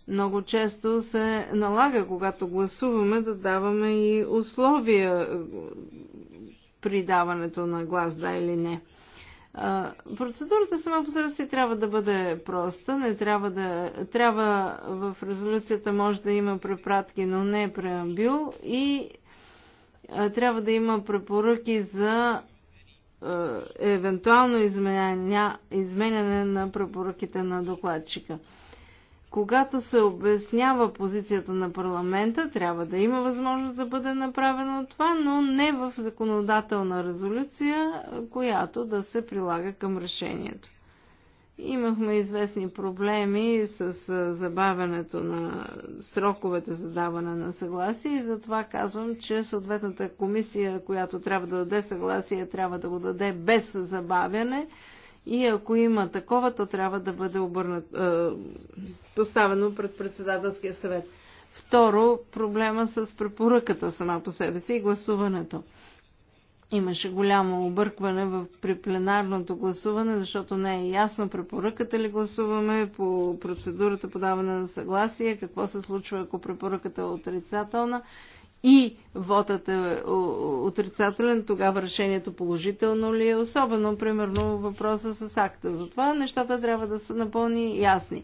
Много често се налага, когато гласуваме, да даваме и условия е, при даването на глас, да или не. Процедурата сама по себе си трябва да бъде проста, не трябва да... Трябва в резолюцията може да има препратки, но не преамбюл и трябва да има препоръки за евентуално изменяне на препоръките на докладчика когато се обяснява позицията на парламента, трябва да има възможност да бъде направено това, но не в законодателна резолюция, която да се прилага към решението. Имахме известни проблеми с забавянето на сроковете за даване на съгласие и затова казвам, че съответната комисия, която трябва да даде съгласие, трябва да го даде без забавяне и ако има такова, то трябва да бъде обърнат, е, поставено пред председателския съвет. Второ, проблема с препоръката сама по себе си и гласуването. Имаше голямо объркване в, при пленарното гласуване, защото не е ясно препоръката ли гласуваме по процедурата подаване на съгласие, какво се случва ако препоръката е отрицателна и водът е отрицателен, тогава решението положително ли е, особено, примерно, въпроса с акта. Затова нещата трябва да са напълни ясни.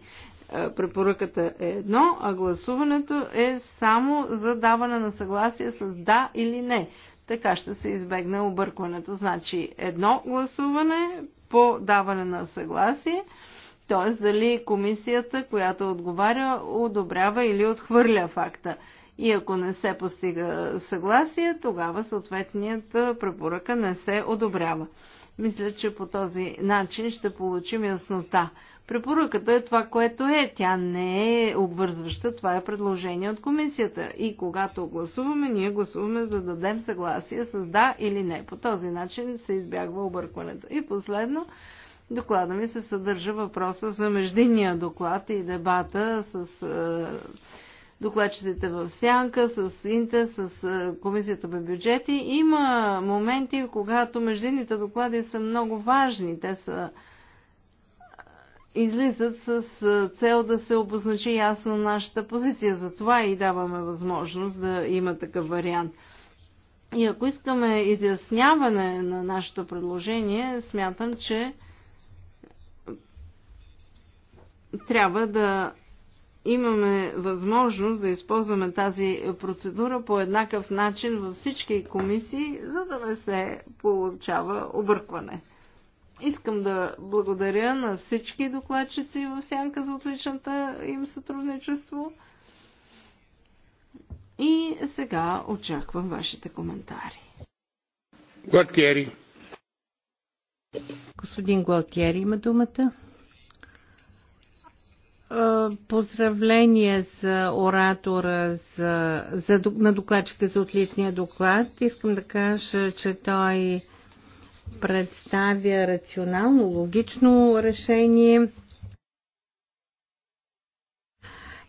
Е, препоръката е едно, а гласуването е само за даване на съгласие с да или не. Така ще се избегне объркването. Значи едно гласуване по даване на съгласие, т.е. дали комисията, която отговаря, одобрява или отхвърля факта. И ако не се постига съгласие, тогава съответният препоръка не се одобрява. Мисля, че по този начин ще получим яснота. Препоръката е това, което е. Тя не е обвързваща. Това е предложение от комисията. И когато гласуваме, ние гласуваме за да дадем съгласие с да или не. По този начин се избягва объркването. И последно, доклада ми се съдържа въпроса за междинния доклад и дебата с докладчиците в Сянка, с Инта, с Комисията по бюджети. Има моменти, когато междинните доклади са много важни. Те са излизат с цел да се обозначи ясно нашата позиция. Затова и даваме възможност да има такъв вариант. И ако искаме изясняване на нашето предложение, смятам, че трябва да имаме възможност да използваме тази процедура по еднакъв начин във всички комисии, за да не се получава объркване. Искам да благодаря на всички докладчици в Сянка за отличната им сътрудничество. И сега очаквам вашите коментари. Гладкери. Господин Гуалтиери има думата. Поздравление за оратора за, за, на докладчика за отличния доклад. Искам да кажа, че той представя рационално, логично решение.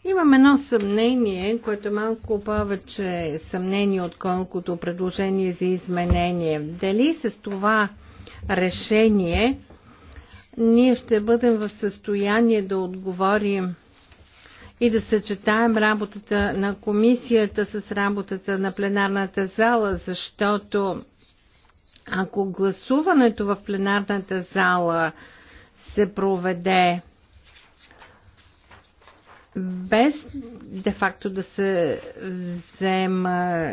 Имам едно съмнение, което е малко повече съмнение, отколкото предложение за изменение. Дали с това решение ние ще бъдем в състояние да отговорим и да съчетаем работата на комисията с работата на пленарната зала, защото ако гласуването в пленарната зала се проведе без де-факто да се взема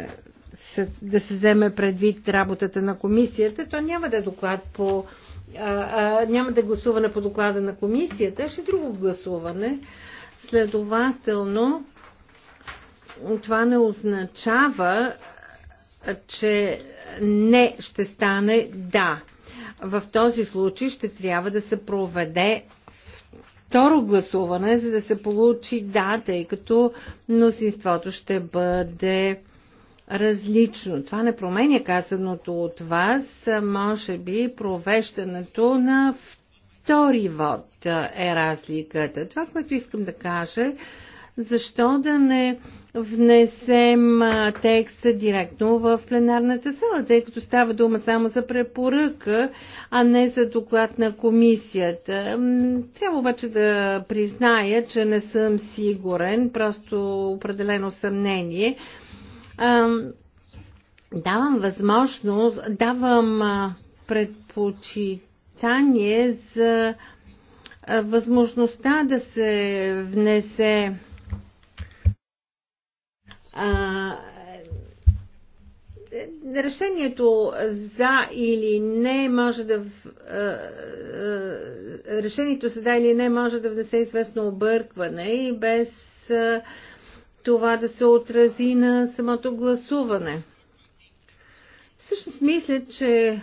да се вземе предвид работата на комисията, то няма да е доклад по а, а, няма да гласуване по доклада на комисията, ще е друго гласуване. Следователно, това не означава, че не ще стане да. В този случай ще трябва да се проведе второ гласуване, за да се получи да, тъй като мнозинството ще бъде различно. Това не променя казаното от вас. Може би провеждането на втори вод е разликата. Това, което искам да кажа, защо да не внесем текста директно в пленарната сала, тъй като става дума само за препоръка, а не за доклад на комисията. Трябва обаче да призная, че не съм сигурен, просто определено съмнение давам възможност, давам предпочитание за възможността да се внесе а, решението за или не може да решението за да или не може да внесе известно объркване и без а, това да се отрази на самото гласуване. Всъщност мисля, че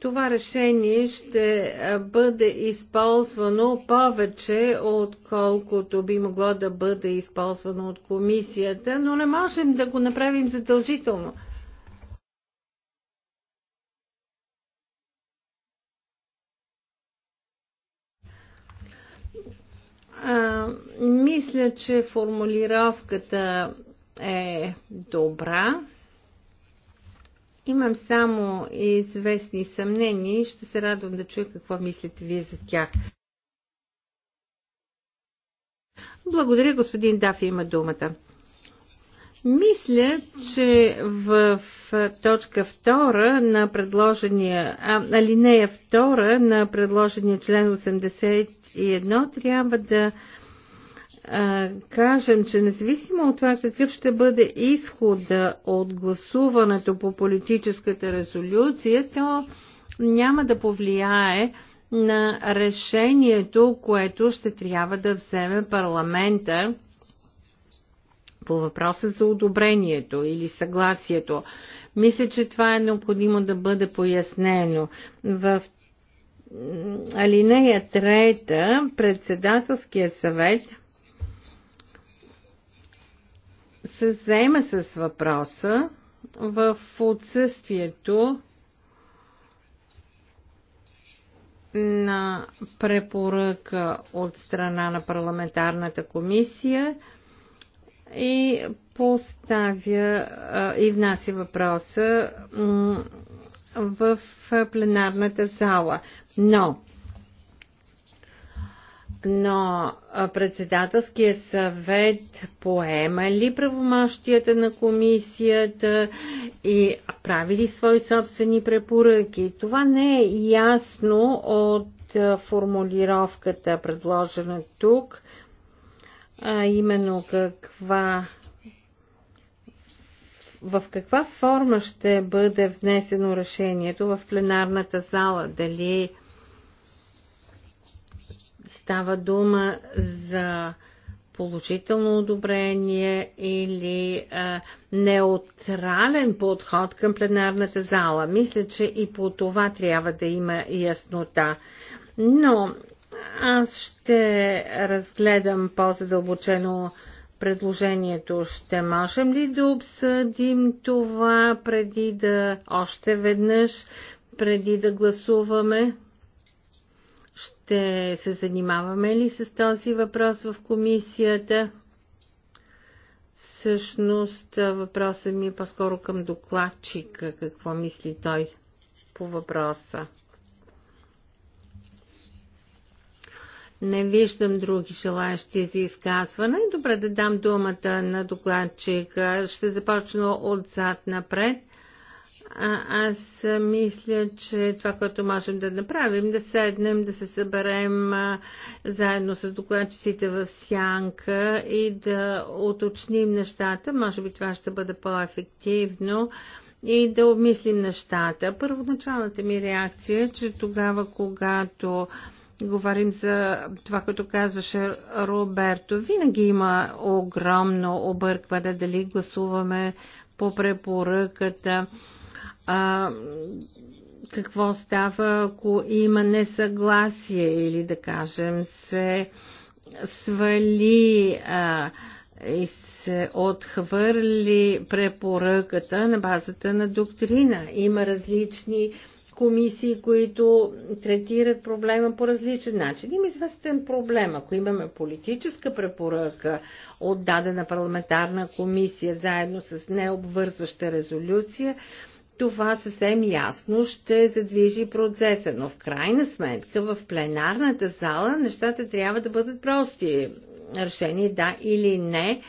това решение ще бъде използвано повече, отколкото би могло да бъде използвано от комисията, но не можем да го направим задължително. А, мисля, че формулировката е добра. Имам само известни съмнения и ще се радвам да чуя какво мислите вие за тях. Благодаря, господин Дафи има думата. Мисля, че в точка 2 на предложения, а, алинея 2 на предложения член и едно трябва да а, кажем, че независимо от това какъв ще бъде изхода от гласуването по политическата резолюция, то няма да повлияе на решението, което ще трябва да вземе парламента по въпроса за одобрението или съгласието. Мисля, че това е необходимо да бъде пояснено. В алинея трета, председателския съвет се заема с въпроса в отсъствието на препоръка от страна на парламентарната комисия и поставя и внася въпроса в пленарната зала. Но но председателския съвет поема ли правомощията на комисията и прави ли свои собствени препоръки? Това не е ясно от формулировката, предложена тук, а именно каква в каква форма ще бъде внесено решението в пленарната зала? Дали Става дума за положително одобрение или а, неутрален подход към пленарната зала. Мисля, че и по това трябва да има яснота. Но аз ще разгледам по-задълбочено предложението. Ще можем ли да обсъдим това преди да още веднъж, преди да гласуваме? Ще се занимаваме ли с този въпрос в комисията? Всъщност въпросът ми е по-скоро към докладчика, какво мисли той по въпроса. Не виждам други желаящи за изказване. Добре да дам думата на докладчика. Ще започна отзад напред. А, аз мисля, че това, което можем да направим, да седнем, да се съберем а, заедно с докладчиците в сянка и да уточним нещата. Може би това ще бъде по-ефективно и да обмислим нещата. Първоначалната ми реакция е, че тогава, когато говорим за това, което казваше Роберто, винаги има огромно объркване дали гласуваме по препоръката. Да а, какво става, ако има несъгласие или да кажем се свали а, и се отхвърли препоръката на базата на доктрина. Има различни комисии, които третират проблема по различен начин. Има известен проблем. Ако имаме политическа препоръка от дадена парламентарна комисия, заедно с необвързваща резолюция, това съвсем ясно ще задвижи процеса. Но в крайна сметка в пленарната зала нещата трябва да бъдат прости. Решение да или не.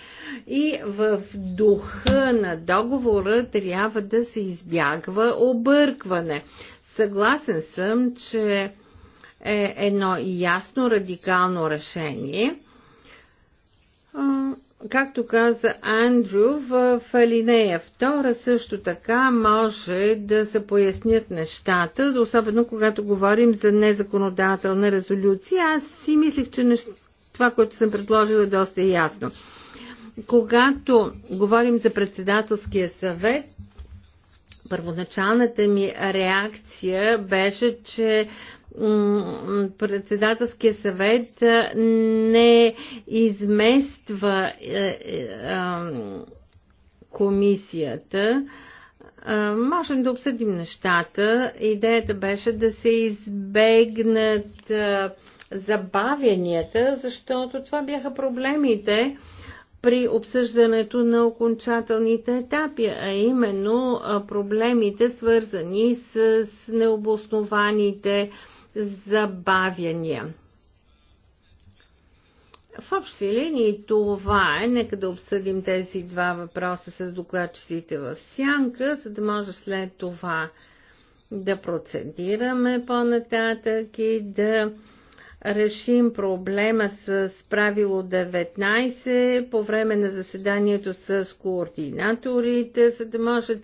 И в духа на договора трябва да се избягва объркване. Съгласен съм, че е едно ясно радикално решение както каза Андрю, в алинея втора също така може да се пояснят нещата, особено когато говорим за незаконодателна резолюция. Аз си мислих, че нещ... това, което съм предложила, е доста ясно. Когато говорим за председателския съвет, първоначалната ми реакция беше, че председателския съвет не измества е, е, комисията. Можем да обсъдим нещата. Идеята беше да се избегнат забавянията, защото това бяха проблемите при обсъждането на окончателните етапи, а именно проблемите свързани с необоснованите забавяния. В общи линии това е. Нека да обсъдим тези два въпроса с докладчиците в сянка, за да може след това да процедираме по-нататък и да решим проблема с правило 19 по време на заседанието с координаторите, за да може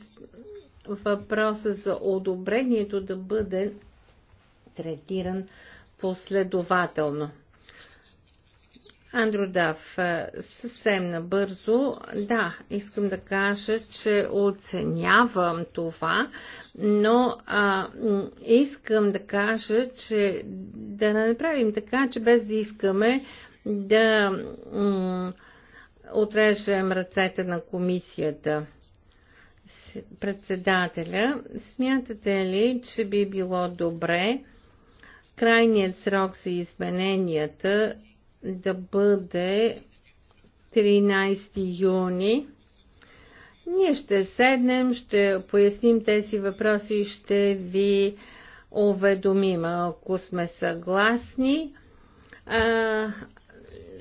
въпроса за одобрението да бъде третиран последователно. Андродав, Дав, съвсем набързо, да, искам да кажа, че оценявам това, но а, искам да кажа, че да не направим така, че без да искаме да отрежем ръцете на комисията. Председателя, смятате ли, че би било добре крайният срок за измененията да бъде 13 юни. Ние ще седнем, ще поясним тези въпроси и ще ви уведомим. Ако сме съгласни,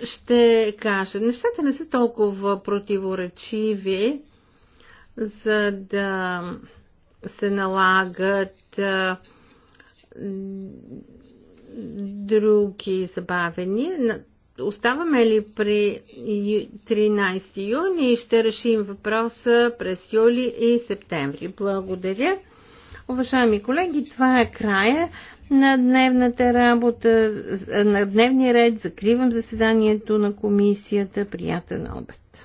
ще кажа, нещата не са толкова противоречиви, за да се налагат други забавения. Оставаме ли при 13 юни и ще решим въпроса през юли и септември. Благодаря. Уважаеми колеги, това е края на дневната работа, на дневния ред. Закривам заседанието на комисията. Приятен обед.